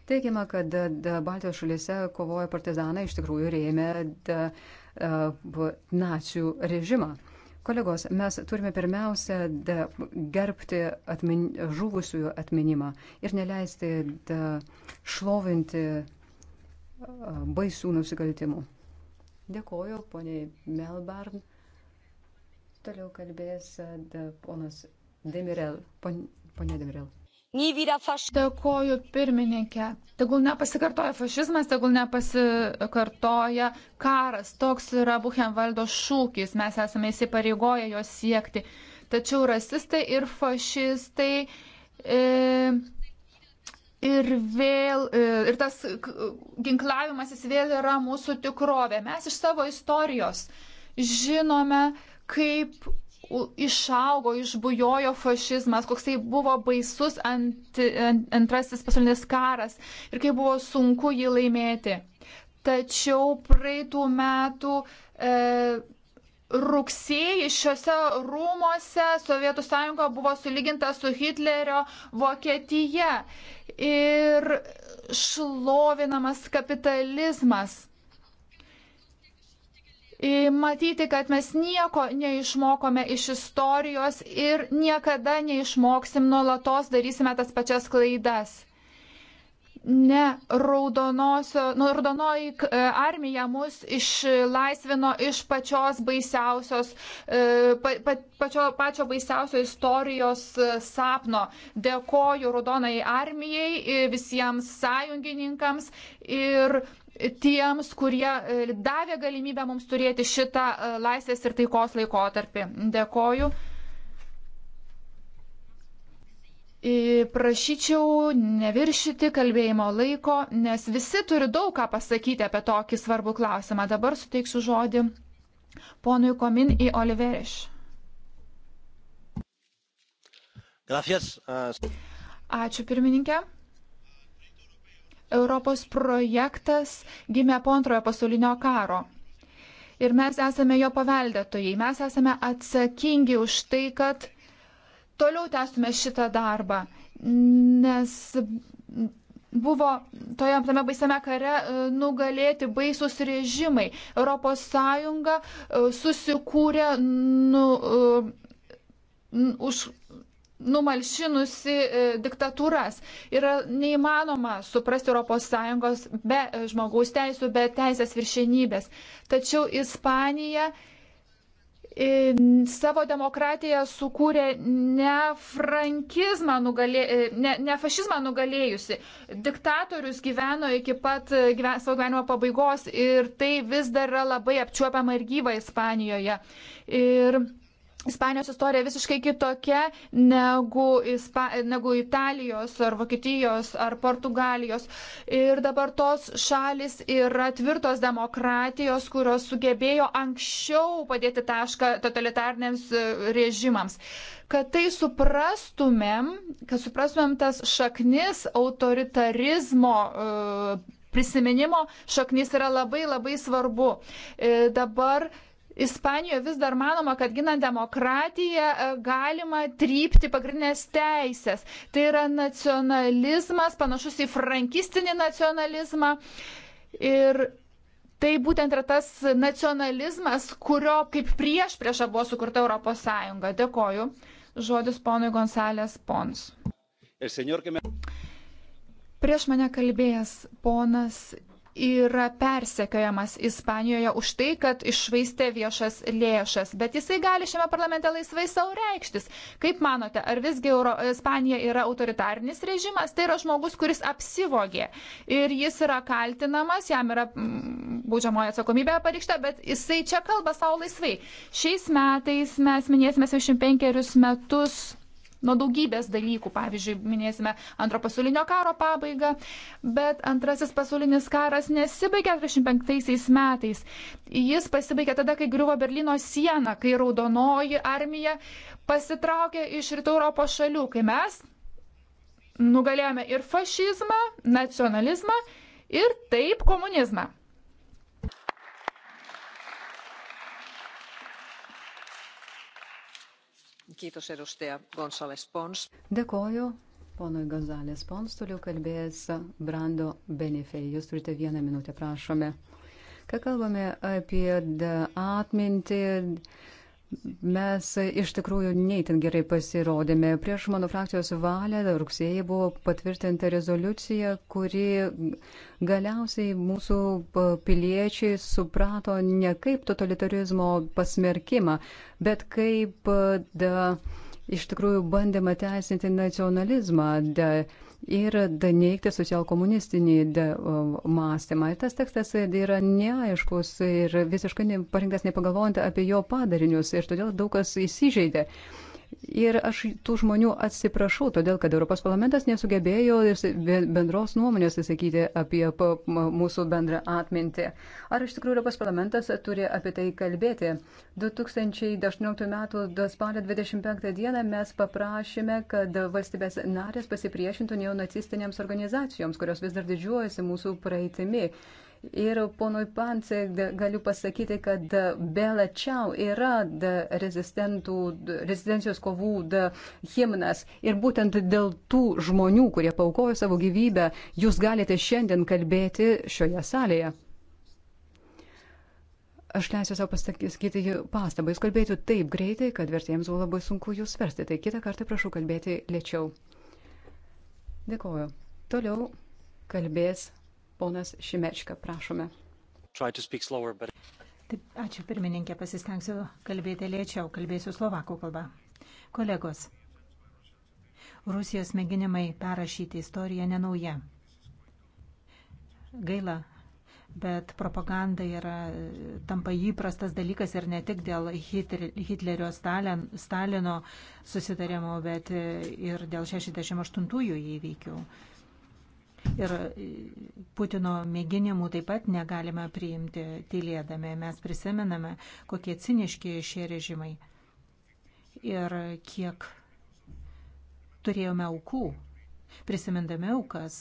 teigiama, kad Baltijos šalyse kovojo partizanai iš tikrųjų rėmė nacių režimą. Kolegos, mes turime pirmiausia da, gerbti atmin, žuvusiųjų atminimą ir neleisti da, šlovinti baisių nusikaltimų. Dėkoju, poniai Melbarn. Toliau kalbės da, ponas Demirel. Pon ponė Demirel. Dėkoju pirmininkė. Tegul nepasikartoja fašizmas, tegul nepasikartoja karas. Toks yra Buchenvaldo šūkis. Mes esame įsipareigoję jo siekti. Tačiau rasistai ir fašistai. E, ir vėl, e, ir tas ginklavimas jis vėl yra mūsų tikrovė. Mes iš savo istorijos žinome, kaip išaugo, išbujojo fašizmas, koksai buvo baisus ant, ant, antrasis pasaulinis karas ir kaip buvo sunku jį laimėti. Tačiau praeitų metų e, rugsėjį šiuose rūmose Sovietų sąjunga buvo sulyginta su Hitlerio Vokietija ir šlovinamas kapitalizmas matyti, kad mes nieko neišmokome iš istorijos ir niekada neišmoksim, nuolatos darysime tas pačias klaidas. Ne nu, raudonoji e, armija mus išlaisvino iš pačios baisiausios, e, pa, pa, pačio, pačio baisiausio istorijos e, sapno. Dėkoju raudonai armijai, visiems sąjungininkams ir tiems, kurie e, davė galimybę mums turėti šitą e, laisvės ir taikos laikotarpį. Dėkoju. E, prašyčiau neviršyti kalbėjimo laiko, nes visi turi daug ką pasakyti apie tokį svarbų klausimą. Dabar suteiksiu žodį ponui Komin į Oliveriš. Eh. Ačiū pirmininkė. Europos projektas gimė po antrojo pasaulinio karo. Ir mes esame jo paveldėtojai. Mes esame atsakingi už tai, kad toliau tęstume šitą darbą. Nes buvo toje tame baisiame kare e, nugalėti baisus režimai. ES e, susikūrė nu, e, už numalšinusi e, diktatūras. Yra neįmanoma suprasti ES be e, žmogaus teisų, be teisės viršenybės. Tačiau Ispanija e, savo demokratiją sukūrė ne frankizmą, nugalė, ne, ne fašizmą nugalėjusi. Diktatorius gyveno iki pat gyven, savo gyvenimo pabaigos ir tai vis dar yra labai apčiuopiama ir gyva Ispanijoje. Ir Ispanijos istorija visiškai kitokia negu, Ispa, negu Italijos ar Vokietijos ar Portugalijos. Ir dabar tos šalis yra tvirtos demokratijos, kurios sugebėjo anksčiau padėti tašką totalitarniams e, režimams. Kad tai suprastumėm, kad suprastumėm tas šaknis autoritarizmo. Uh, Prisiminimo šaknis yra labai labai svarbu. E, dabar Ispanijoje vis dar manoma, kad ginant demokratiją e, galima trypti pagrindinės teisės. Tai yra nacionalizmas, panašus į frankistinį nacionalizmą. Ir tai būtent yra tas nacionalizmas, kurio kaip prieš priešą buvo sukurta Europos Sąjunga. Dėkoju. Žodis ponui Gonsalės Pons. Prieš mane kalbėjęs ponas yra persekiojamas Ispanijoje už tai, kad išvaistė viešas lėšas, bet jisai gali šiame parlamente laisvai savo reikštis. Kaip manote, ar visgi Euro, Ispanija yra autoritarnis režimas? Tai yra žmogus, kuris apsivogė ir jis yra kaltinamas, jam yra mm, būdžiamoja atsakomybė pareikšta, bet jisai čia kalba savo laisvai. Šiais metais mes minėsime 65 metus nuo daugybės dalykų. Pavyzdžiui, minėsime antro pasaulinio karo pabaigą, bet antrasis pasaulinis karas nesibaigė 45 metais. Jis pasibaigė tada, kai griuvo Berlyno siena, kai raudonoji armija pasitraukė iš rytų Europos šalių, kai mes nugalėjome ir fašizmą, nacionalizmą ir taip komunizmą. Dėkoju. Ponui Gonzalės Pons toliau kalbėjęs Brando Benefei. Jūs turite vieną minutę, prašome. Ką kalbame apie atmintį, Mes iš tikrųjų neįtin gerai pasirodėme. Prieš mano frakcijos valią rugsėjai buvo patvirtinta rezoliucija, kuri galiausiai mūsų piliečiai suprato ne kaip totalitarizmo pasmerkimą, bet kaip da, iš tikrųjų bandėme teisinti nacionalizmą. Da, ir neigti socialkomunistinį mąstymą. Ir tas tekstas yra neaiškus ir visiškai ne, parinktas nepagalvojant apie jo padarinius ir todėl daug kas įsižeidė. Uh, Ir aš tų žmonių atsiprašau, todėl kad Europos parlamentas nesugebėjo bendros nuomonės įsakyti apie mūsų bendrą atmintį. Ar iš tikrųjų Europos parlamentas turi apie tai kalbėti? 2018 m. spalio 25 d. mes paprašėme, kad valstybės narės pasipriešintų neonacistinėms organizacijoms, kurios vis dar didžiuojasi mūsų praeitimi Ir ponui Pansai galiu pasakyti, kad Bela Čiau yra rezistencijos kovų himnas. Ir būtent dėl tų žmonių, kurie paukojo savo gyvybę, jūs galite šiandien kalbėti šioje salėje. Aš leisiu savo pasakyti pastabą. Jūs kalbėjote taip greitai, kad vertėjams buvo labai sunku jūs versti. Tai kitą kartą prašau kalbėti lėčiau. Dėkoju. Toliau kalbės Ponas Šimečka, prašome. Slower, but... Taip, ačiū pirmininkė, pasistengsiu kalbėti lėčiau, kalbėsiu slovakų kalbą. Kolegos, Rusijos mėginimai perrašyti istoriją nenauja. Gaila, bet propaganda yra, tampa įprastas dalykas ir ne tik dėl Hitlerio Stalin, Stalino susitarimo, bet ir dėl 68-ųjų įvykių. Ir Putino mėginimų taip pat negalime priimti tylėdami. Mes prisimename, kokie ciniški šie režimai ir kiek turėjome aukų. Prisimindami aukas,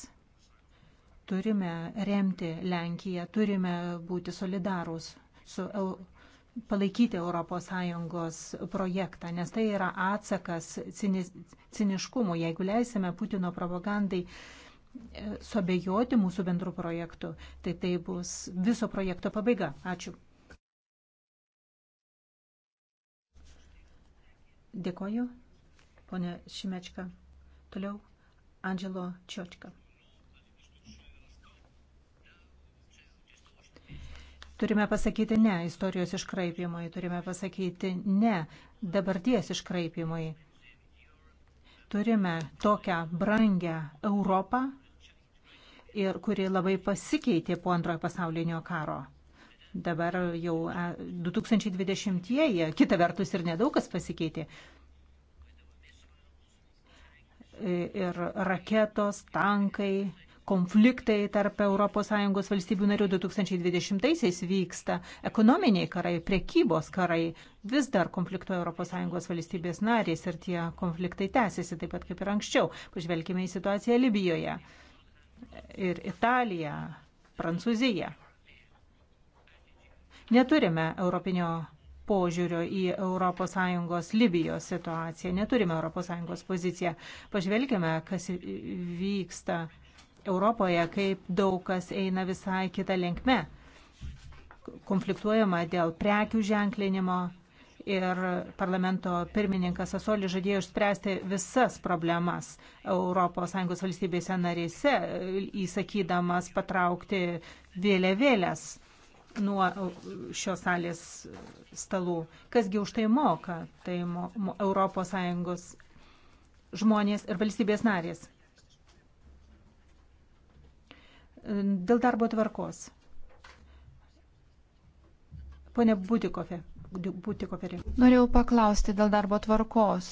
turime remti Lenkiją, turime būti solidarūs su palaikyti ES projektą, nes tai yra atsakas ciniškumui. Jeigu leisime Putino propagandai sobejoti mūsų bendrų projektų. Tai tai bus viso projekto pabaiga. Ačiū. Dėkoju, ponė Šimečka. Toliau Angelo Čiočka. Turime pasakyti ne istorijos iškraipimui, turime pasakyti ne dabarties iškraipimui. Turime tokią brangę Europą, ir kuri labai pasikeitė po antrojo pasaulinio karo. Dabar jau 2020-ieji, e, kita vertus ir nedaug kas pasikeitė. E, ir raketos, tankai, konfliktai tarp ES valstybių narių 2020-aisiais vyksta, ekonominiai karai, prekybos karai, vis dar konfliktuoja ES valstybės narės ir tie konfliktai tęsiasi taip pat kaip ir anksčiau. Pažvelkime į situaciją Libijoje ir Italija, Prancūzija. Neturime europinio požiūrio į ES Libijos situaciją, neturime ES poziciją. Pažvelgime, kas vyksta Europoje, kaip daug kas eina visai kitą linkme. Konfliktuojama dėl prekių ženklinimo, ir parlamento pirmininkas Asoli žadėjo išspręsti visas problemas ES valstybėse narėse, įsakydamas patraukti vėliavėlės nuo šios salės stalų. Kasgi už tai moka? Tai mo, mo, ES žmonės ir valstybės narės. Dėl darbo tvarkos. Pone Butikofe būti koperė. Norėjau paklausti dėl darbo tvarkos.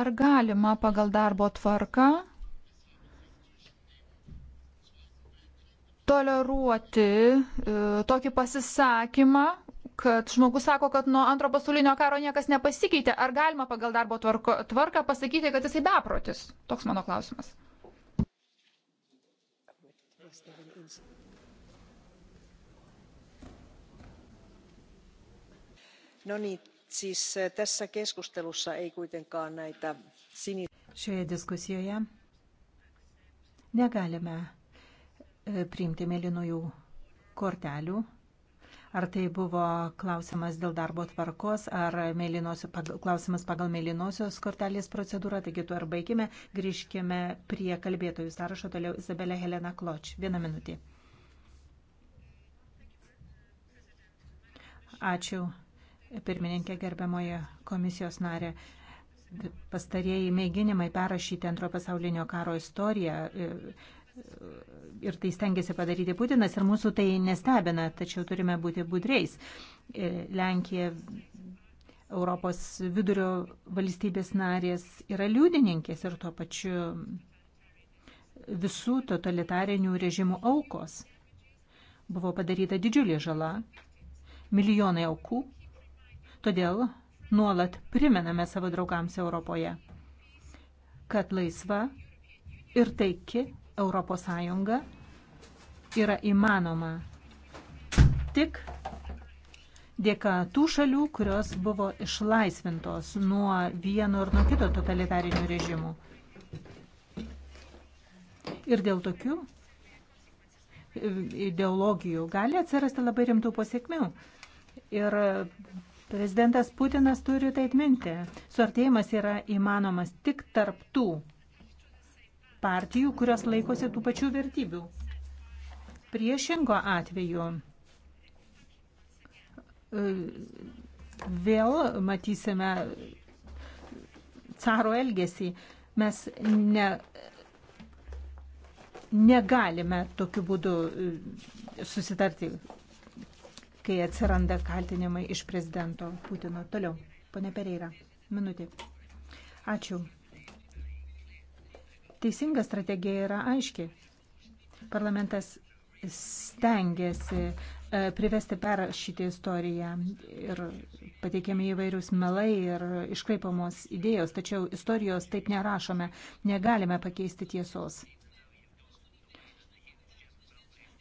Ar galima pagal darbo tvarką toleruoti e, tokį pasisakymą, kad žmogus sako, kad nuo antro pasaulinio karo niekas nepasikeitė. Ar galima pagal darbo tvarko, tvarką pasakyti, kad jisai beprotis? Toks mano klausimas. No niin, siis eh, tässä keskustelussa ei kuitenkaan näitä sini... Šioje diskusijoje negalime eh, priimti mėlynųjų kortelių. Ar tai buvo klausimas dėl darbo tvarkos, ar klausimas pagal mėlynosios kortelės procedūrą. Taigi tu ar baigime, grįžkime prie kalbėtojų sąrašo. Toliau Izabelė Helena Kloč. Vieną minutį. Ačiū, pirmininkė gerbiamoje komisijos narė. Pastarieji mėginimai perrašyti antrojo pasaulinio karo istoriją e, e, ir tai stengiasi padaryti Putinas ir mūsų tai nestebina, tačiau turime būti budreis. E, Lenkija, Europos vidurio valstybės narės yra liudininkės ir tuo pačiu visų totalitarinių režimų aukos. Buvo padaryta didžiulė žala, milijonai aukų Todėl nuolat primename savo draugams Europoje, kad laisva ir taiki Europos Sąjunga yra įmanoma tik dėka tų šalių, kurios buvo išlaisvintos nuo vieno ir nuo kito totalitarinių režimų. Ir dėl tokių ideologijų gali atsirasti labai rimtų pasiekmių. Ir Prezidentas Putinas turi tai atminti. Suartėjimas yra įmanomas tik tarptų partijų, kurios laikosi tų pačių vertybių. Priešingo atveju e, vėl matysime caro elgesį. Mes ne, negalime tokiu būdu e, susitarti kai atsiranda kaltinimai iš prezidento Putino. Toliau, ponė Pereira, minutė. Ačiū. Teisinga strategija yra aiški. Parlamentas stengiasi e, privesti perrašyti istoriją ir pateikiami įvairius melai ir iškraipamos idėjos, tačiau istorijos taip nerašome, negalime pakeisti tiesos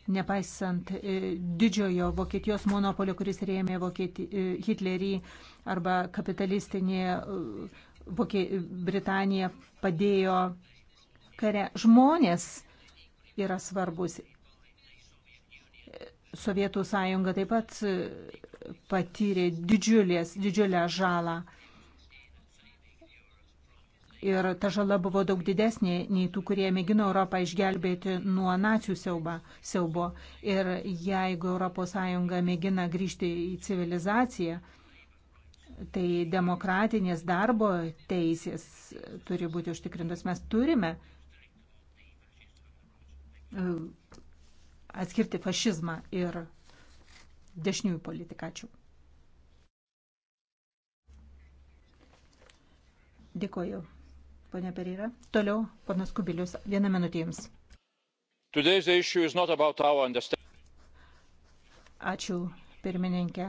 nepaisant e, didžiojo Vokietijos monopolio, kuris rėmė Vokieti, e, Hitlerį arba kapitalistinė e, Vokie, Britanija padėjo kare. Žmonės yra svarbus. Sovietų sąjunga taip pat patyrė didžiulės, didžiulę žalą ir ta žala buvo daug didesnė nei tų, kurie mėgino Europą išgelbėti nuo nacijų siauba, siaubo. Ir jeigu ES mėgina grįžti į civilizaciją, tai demokratinės darbo teisės turi būti užtikrintos. Mes turime e, atskirti fašizmą ir dešiniųjų politiką. Ačiū. Dėkoju ponia Pereira. Toliau, ponas Kubilius, vieną minutę jums. Ačiū, pirmininkė.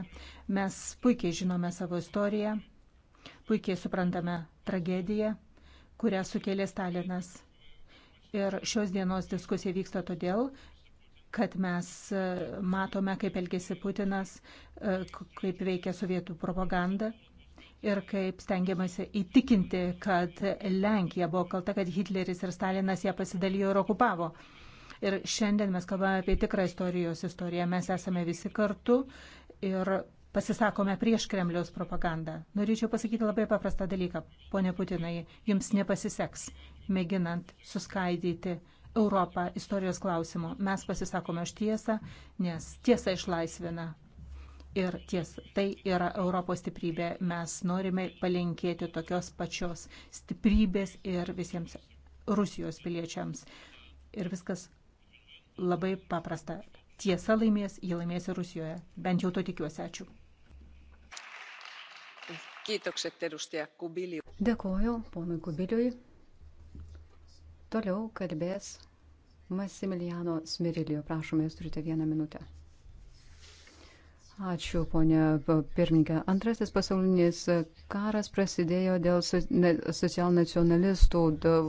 Mes puikiai žinome savo istoriją, puikiai suprantame tragediją, kurią sukėlė Stalinas. Ir šios dienos diskusija vyksta todėl, kad mes e, matome, kaip elgėsi Putinas, e, kaip veikia sovietų propaganda ir kaip stengiamasi įtikinti, kad Lenkija buvo kalta, kad Hitleris ir Stalinas ją pasidalijo ir okupavo. Ir šiandien mes kalbame apie tikrą istorijos istoriją. Mes esame visi kartu ir pasisakome prieš Kremliaus propagandą. Norėčiau pasakyti labai paprastą dalyką, ponė Putinai, jums nepasiseks, mėginant suskaidyti Europą istorijos klausimu. Mes pasisakome už tiesą, nes tiesa išlaisvina. Ir ties, tai yra Europos stiprybė. Mes norime palinkėti tokios pačios stiprybės ir visiems Rusijos piliečiams. Ir viskas labai paprasta. Tiesa laimės, jį laimės ir Rusijoje. Bent jau to tikiuosi. Ačiū. Kiitokset edustaja Kubiliu. Dėkoju ponui Kubiliui. Toliau kalbės Masimiliano Smirilijo. Prašome, jūs turite vieną minutę. Ačiū, ponia pirmininkė. Antrasis pasaulinis karas prasidėjo dėl socialnacionalistų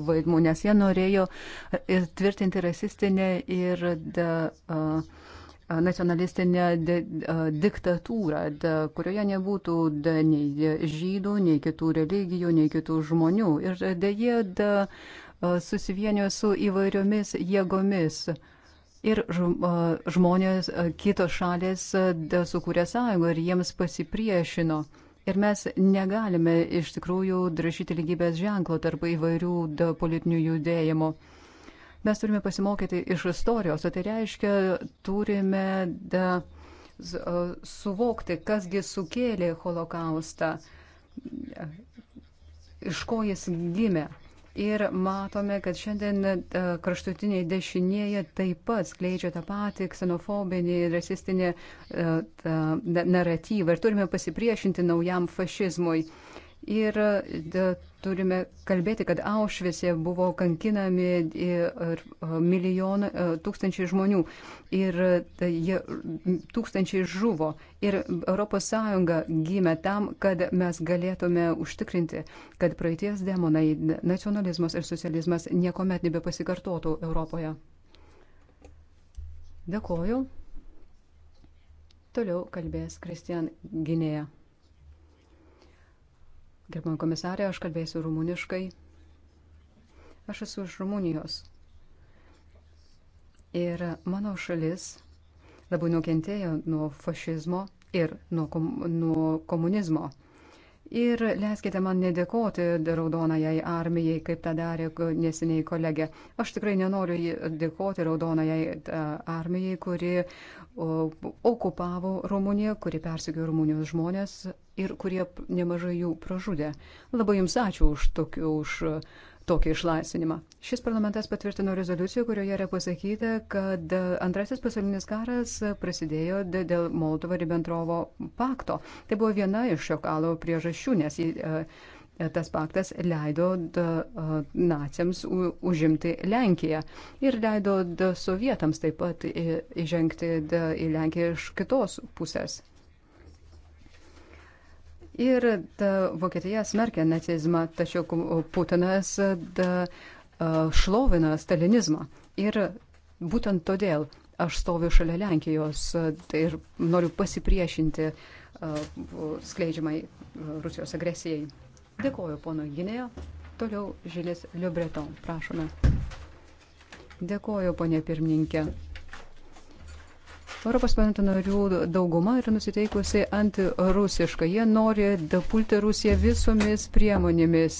vaidmų, nes jie norėjo e, tvirtinti rasistinę ir da, nacionalistinę de, diktatūrą, da, kurioje nebūtų da, nei žydų, nei kitų religijų, nei kitų žmonių. Ir dėje susivienio su įvairiomis jėgomis. Da, Ir žmonės, kitos šalės sukūrė sąjungą ir jiems pasipriešino. Ir mes negalime iš tikrųjų rašyti lygybės ženklo tarp įvairių politinių judėjimų. Mes turime pasimokyti iš istorijos, o tai reiškia, turime da, suvokti, kasgi sukėlė holokaustą, iš ko jis gimė. Ir matome, kad šiandien e, kraštutiniai dešinieji taip pat skleidžia tą patį ksenofobinį ir rasistinį e, naratyvą ir turime pasipriešinti naujam fašizmui. Uh, Ir turime kalbėti, kad Aušvėse buvo kankinami ir e, e, milijonai, e, tūkstančiai žmonių ir jie, tūkstančiai žuvo. Ir ES gimė tam, kad mes galėtume užtikrinti, kad praeities demonai, nacionalizmas ir socializmas niekuomet nebepasikartotų Europoje. Dėkoju. Toliau kalbės Kristian Gynėja. Gerbama komisarė, aš kalbėsiu rumuniškai. Aš esu iš Rumunijos. Ir mano šalis labai nukentėjo nuo fašizmo ir nuo, kom nuo komunizmo. Ir leiskite man nedėkoti Raudonajai armijai, kaip tą darė neseniai kolegė. Aš tikrai nenoriu dėkoti Raudonajai armijai, kuri okupavo Rumuniją, kuri persikėjo Rumunijos žmonės ir kurie nemažai jų pražudė. Labai jums ačiū už tokį, už tokį išlaisvinimą. Šis parlamentas patvirtino rezoliuciją, kurioje yra pasakyta, kad antrasis pasaulinis karas prasidėjo dėl Molotovo-Ribbentrovo pakto. Tai buvo viena iš šio kalo priežasčių, nes jį, e, tas paktas leido e, naciams užimti Lenkiją ir leido sovietams taip pat įžengti į Lenkiją iš kitos pusės. Ir da, Vokietija smerkia nacizmą, tačiau Putinas da, šlovina stalinizmą. Ir būtent todėl aš stoviu šalia Lenkijos tai ir noriu pasipriešinti skleidžiamai Rusijos agresijai. Dėkoju pono Gynėjo. Toliau Žilis Liubreton. Prašome. Dėkoju, ponė pirmininkė. Europos parlamento narių dauguma yra nusiteikusi antirusiškai. Jie nori pulti Rusiją visomis priemonėmis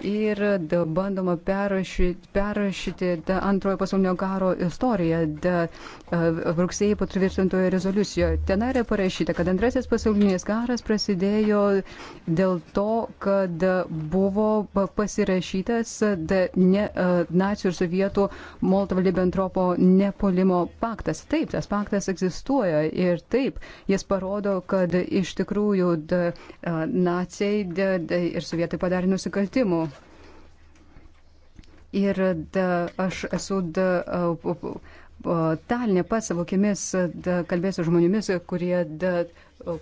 ir bandoma perrašyti, perrašyti antrojo pasaulinio karo istoriją rugsėjai patvirtintoje rezoliucijoje. Ten yra parašyta, kad antrasis pasaulinis karas prasidėjo dėl to, kad buvo pasirašytas ne, nacijų ir sovietų Moltovo-Libbentropo nepolimo paktas. Taip, tas paktas egzistuoja ir taip, jis parodo, kad iš tikrųjų da, nacijai da, da, ir sovietai padarė nusikaltimų klausimų. Ir da, aš esu da, Talinė pats savo akimis kalbėsiu žmonėmis, kurie, da,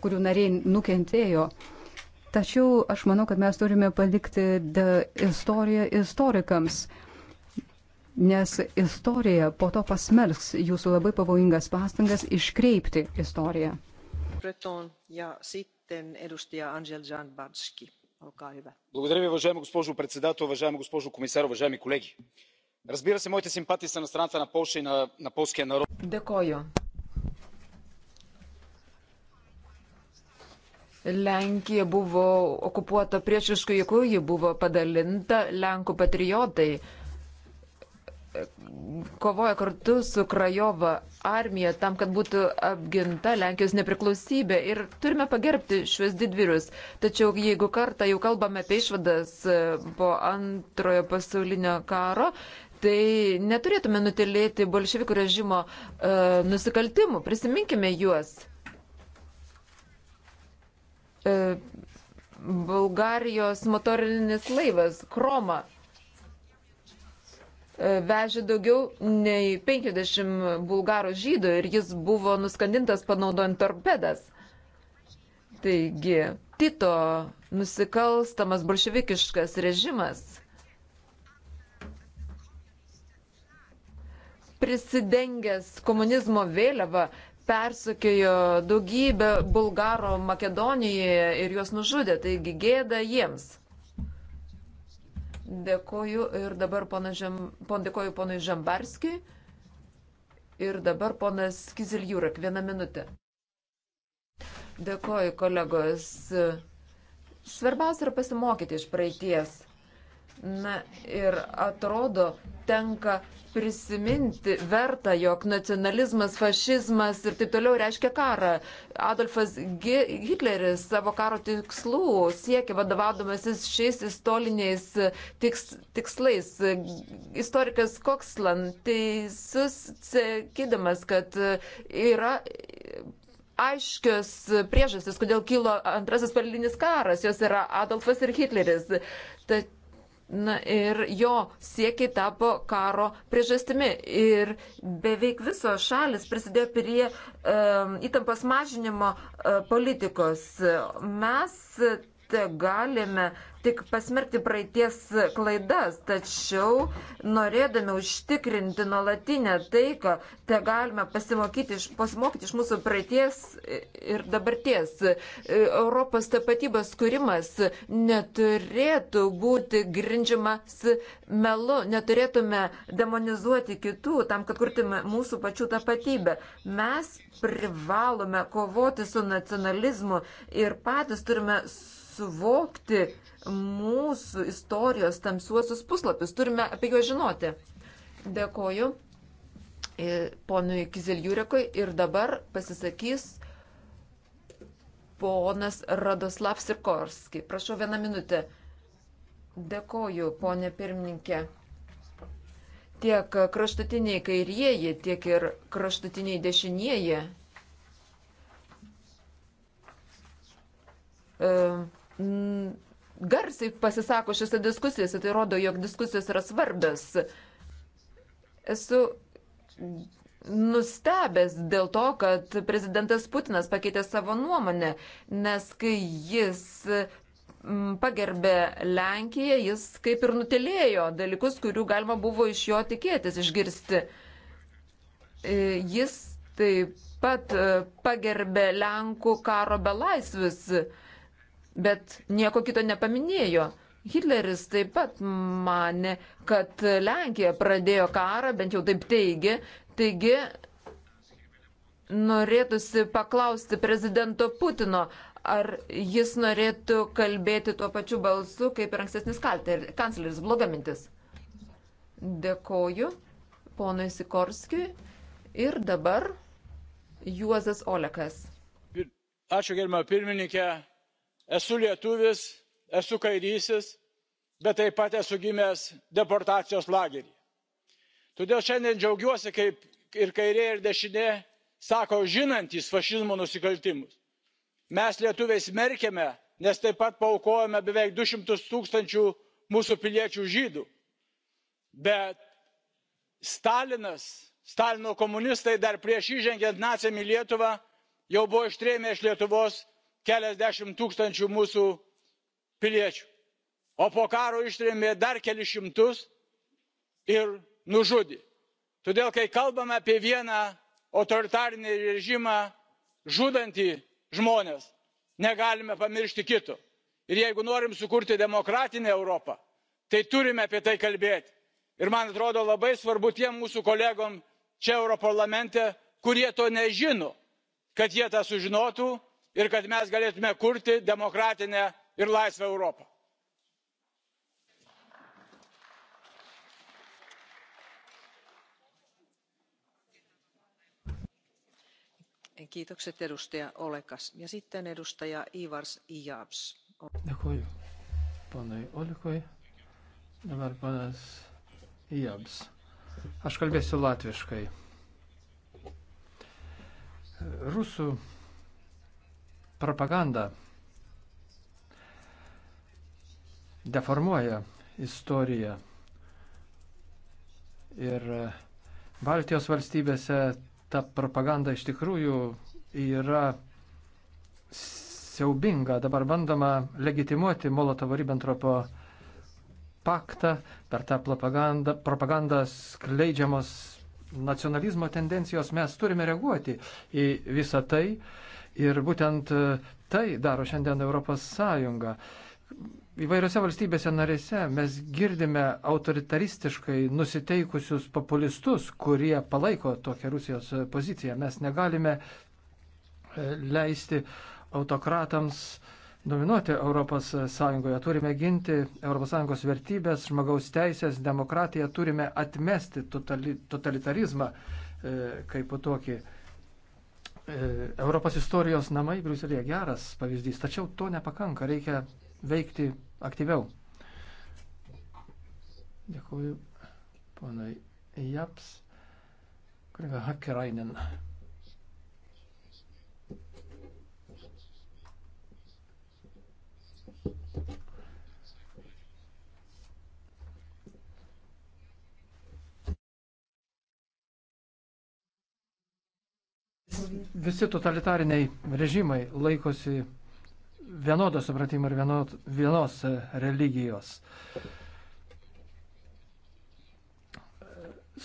kurių nariai nukentėjo. Tačiau aš manau, kad mes turime palikti da, istoriją istorikams, nes istorija po to pasmerks jūsų labai pavojingas pastangas iškreipti istoriją. Breton, ja, sitten edustaja Angel Jan Batski госпожо председател уважаема госпожо комисар уважаеми колеги! разбира се моите симпатии са на страната на полша и на полския народ. dėkoju. Lenkija buvo okupuota priešiškų jėgų, ji buvo padalinta, Lenkų patriotai kovoja kartu su Krajova armija tam, kad būtų apginta Lenkijos nepriklausybė ir turime pagerbti šiuos didvyrius. Tačiau jeigu kartą jau kalbame apie išvadas e, po antrojo pasaulinio karo, tai neturėtume nutilėti bolševikų režimo e, nusikaltimų. Prisiminkime juos. E, Bulgarijos motorinis laivas Kroma vežė daugiau nei 50 bulgarų žydų ir jis buvo nuskandintas panaudojant torpedas. Taigi, Tito nusikalstamas bolševikiškas režimas prisidengęs komunizmo vėliavą persukėjo daugybę bulgarų Makedonijoje ir juos nužudė, taigi gėda jiems. Dėkoju ir dabar žem, pon, dėkoju ponui Žambarskiui. Ir dabar ponas Kizeljūrak, vieną minutę. Dėkoju, kolegos. Svarbiausia yra pasimokyti iš praeities. Na ir atrodo, tenka prisiminti verta, jog nacionalizmas, fašizmas ir taip toliau reiškia karą. Adolfas Hitleris savo karo tikslų siekia vadovaudamasis šiais istoriniais tiks, tikslais. Istorikas Kokslan teisus, sakydamas, kad yra aiškios priežastis, kodėl kilo antrasis paralinis karas, jos yra Adolfas ir Hitleris. Tačiau Na ir jo siekiai tapo karo priežastimi. Ir beveik visos šalis prisidėjo prie e, įtampos mažinimo e, politikos. Mes galime tik pasmerkti praeities klaidas, tačiau norėdami užtikrinti nuolatinę taiką, te galime pasimokyti, iš, pasimokyti iš mūsų praeities ir dabarties. Europos tapatybės kūrimas neturėtų būti grindžiamas melu, neturėtume demonizuoti kitų tam, kad kurtume mūsų pačių tapatybę. Mes privalome kovoti su nacionalizmu ir patys turime su suvokti mūsų istorijos tamsiuosius puslapius. Turime apie juos žinoti. Dėkoju e, ponui Kizeljurekui ir dabar pasisakys ponas Radoslav Sikorski. Prašau vieną minutę. Dėkoju, ponė pirmininkė. Tiek kraštutiniai kairieji, tiek ir kraštutiniai dešinieji. E, Mm, garsiai pasisako šiose diskusijose, tai rodo, jog diskusijos yra svarbios. Esu nustebęs dėl to, kad prezidentas Putinas pakeitė savo nuomonę, nes kai jis mm, pagerbė Lenkiją, jis kaip ir nutilėjo dalykus, kurių galima buvo iš jo tikėtis išgirsti. E, jis taip pat e, pagerbė Lenkų karo belaisvis. laisvis bet nieko kito nepaminėjo. Hitleris taip pat mane, kad Lenkija pradėjo karą, bent jau taip teigia. Taigi norėtųsi paklausti prezidento Putino, ar jis norėtų kalbėti tuo pačiu balsu kaip ir ankstesnis kancleris. Bloga mintis. Dėkoju ponui Sikorskijui. Ir dabar Juozas Olekas. Ačiū gerbama pirmininkė, esu lietuvis esu kairysis bet taip pat esu gimęs deportacijos lageryje. todėl šiandien džiaugiuosi kaip ir kairė ir dešinė sako žinantys fašizmo nusikaltimus. mes lietuviai smerkiame nes taip pat paaukojome beveik du šimtus tūkstančių mūsų piliečių žydų. bet stalinas stalino komunistai dar prieš įžengiant naciams į lietuvą jau buvo ištrėmę iš lietuvos keliasdešimt tūkstančių mūsų piliečių o po karo ištrėmė dar kelis šimtus ir nužudė. todėl kai kalbame apie vieną autoritarinį režimą žudantį žmones negalime pamiršti kito ir jeigu norime sukurti demokratinę europą tai turime apie tai kalbėti. ir man atrodo labai svarbu tiem mūsų kolegom čia europarlamente kurie to nežino kad jie tą sužinotų ir kad mes galėtume kurti demokratinę ir laisvą europą. Kiitokset edustaja Olekas. Ja sitten edustaja Ivars Ijabs. Dėkuoju ponui Olikui. Dabar panas Ijabs. Aš kalbėsiu latviškai. Rusų propaganda deformuoja istoriją. Ir e, Baltijos valstybėse ta propaganda iš tikrųjų yra siaubinga. Dabar bandoma legitimuoti Molotovo-Ribbentropo paktą, per tą propagandą, propagandą skleidžiamos nacionalizmo tendencijos. Mes turime reaguoti į visą tai Ir būtent e, tai daro šiandien Europos Sąjunga. Įvairiose valstybėse narėse mes girdime autoritaristiškai nusiteikusius populistus, kurie palaiko tokią Rusijos poziciją. Mes negalime e, leisti autokratams dominuoti Europos Sąjungoje. Turime ginti Europos Sąjungos vertybės, žmogaus teisės, demokratiją, turime atmesti totali, totalitarizmą e, kaip tokį. E, Europos istorijos namai Briuselėje geras pavyzdys, tačiau to nepakanka, reikia veikti aktyviau. Dėkuoju, ponai Japs, kolega Hakerainen. Visi totalitariniai režimai laikosi vienodo supratimo ir vienod, vienos religijos.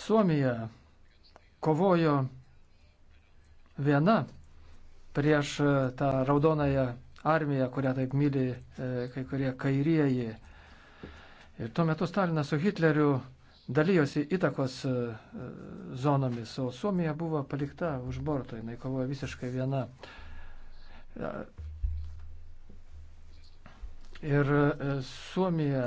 Suomija kovojo viena prieš e, tą raudonąją armiją, kurią taip myli e, kai kurie kairieji. Ir tuo metu Stalinas su Hitleriu dalyjosi įtakos e, e, zonomis, o Suomija buvo palikta už borto, jinai kovojo visiškai viena. E, ir Suomija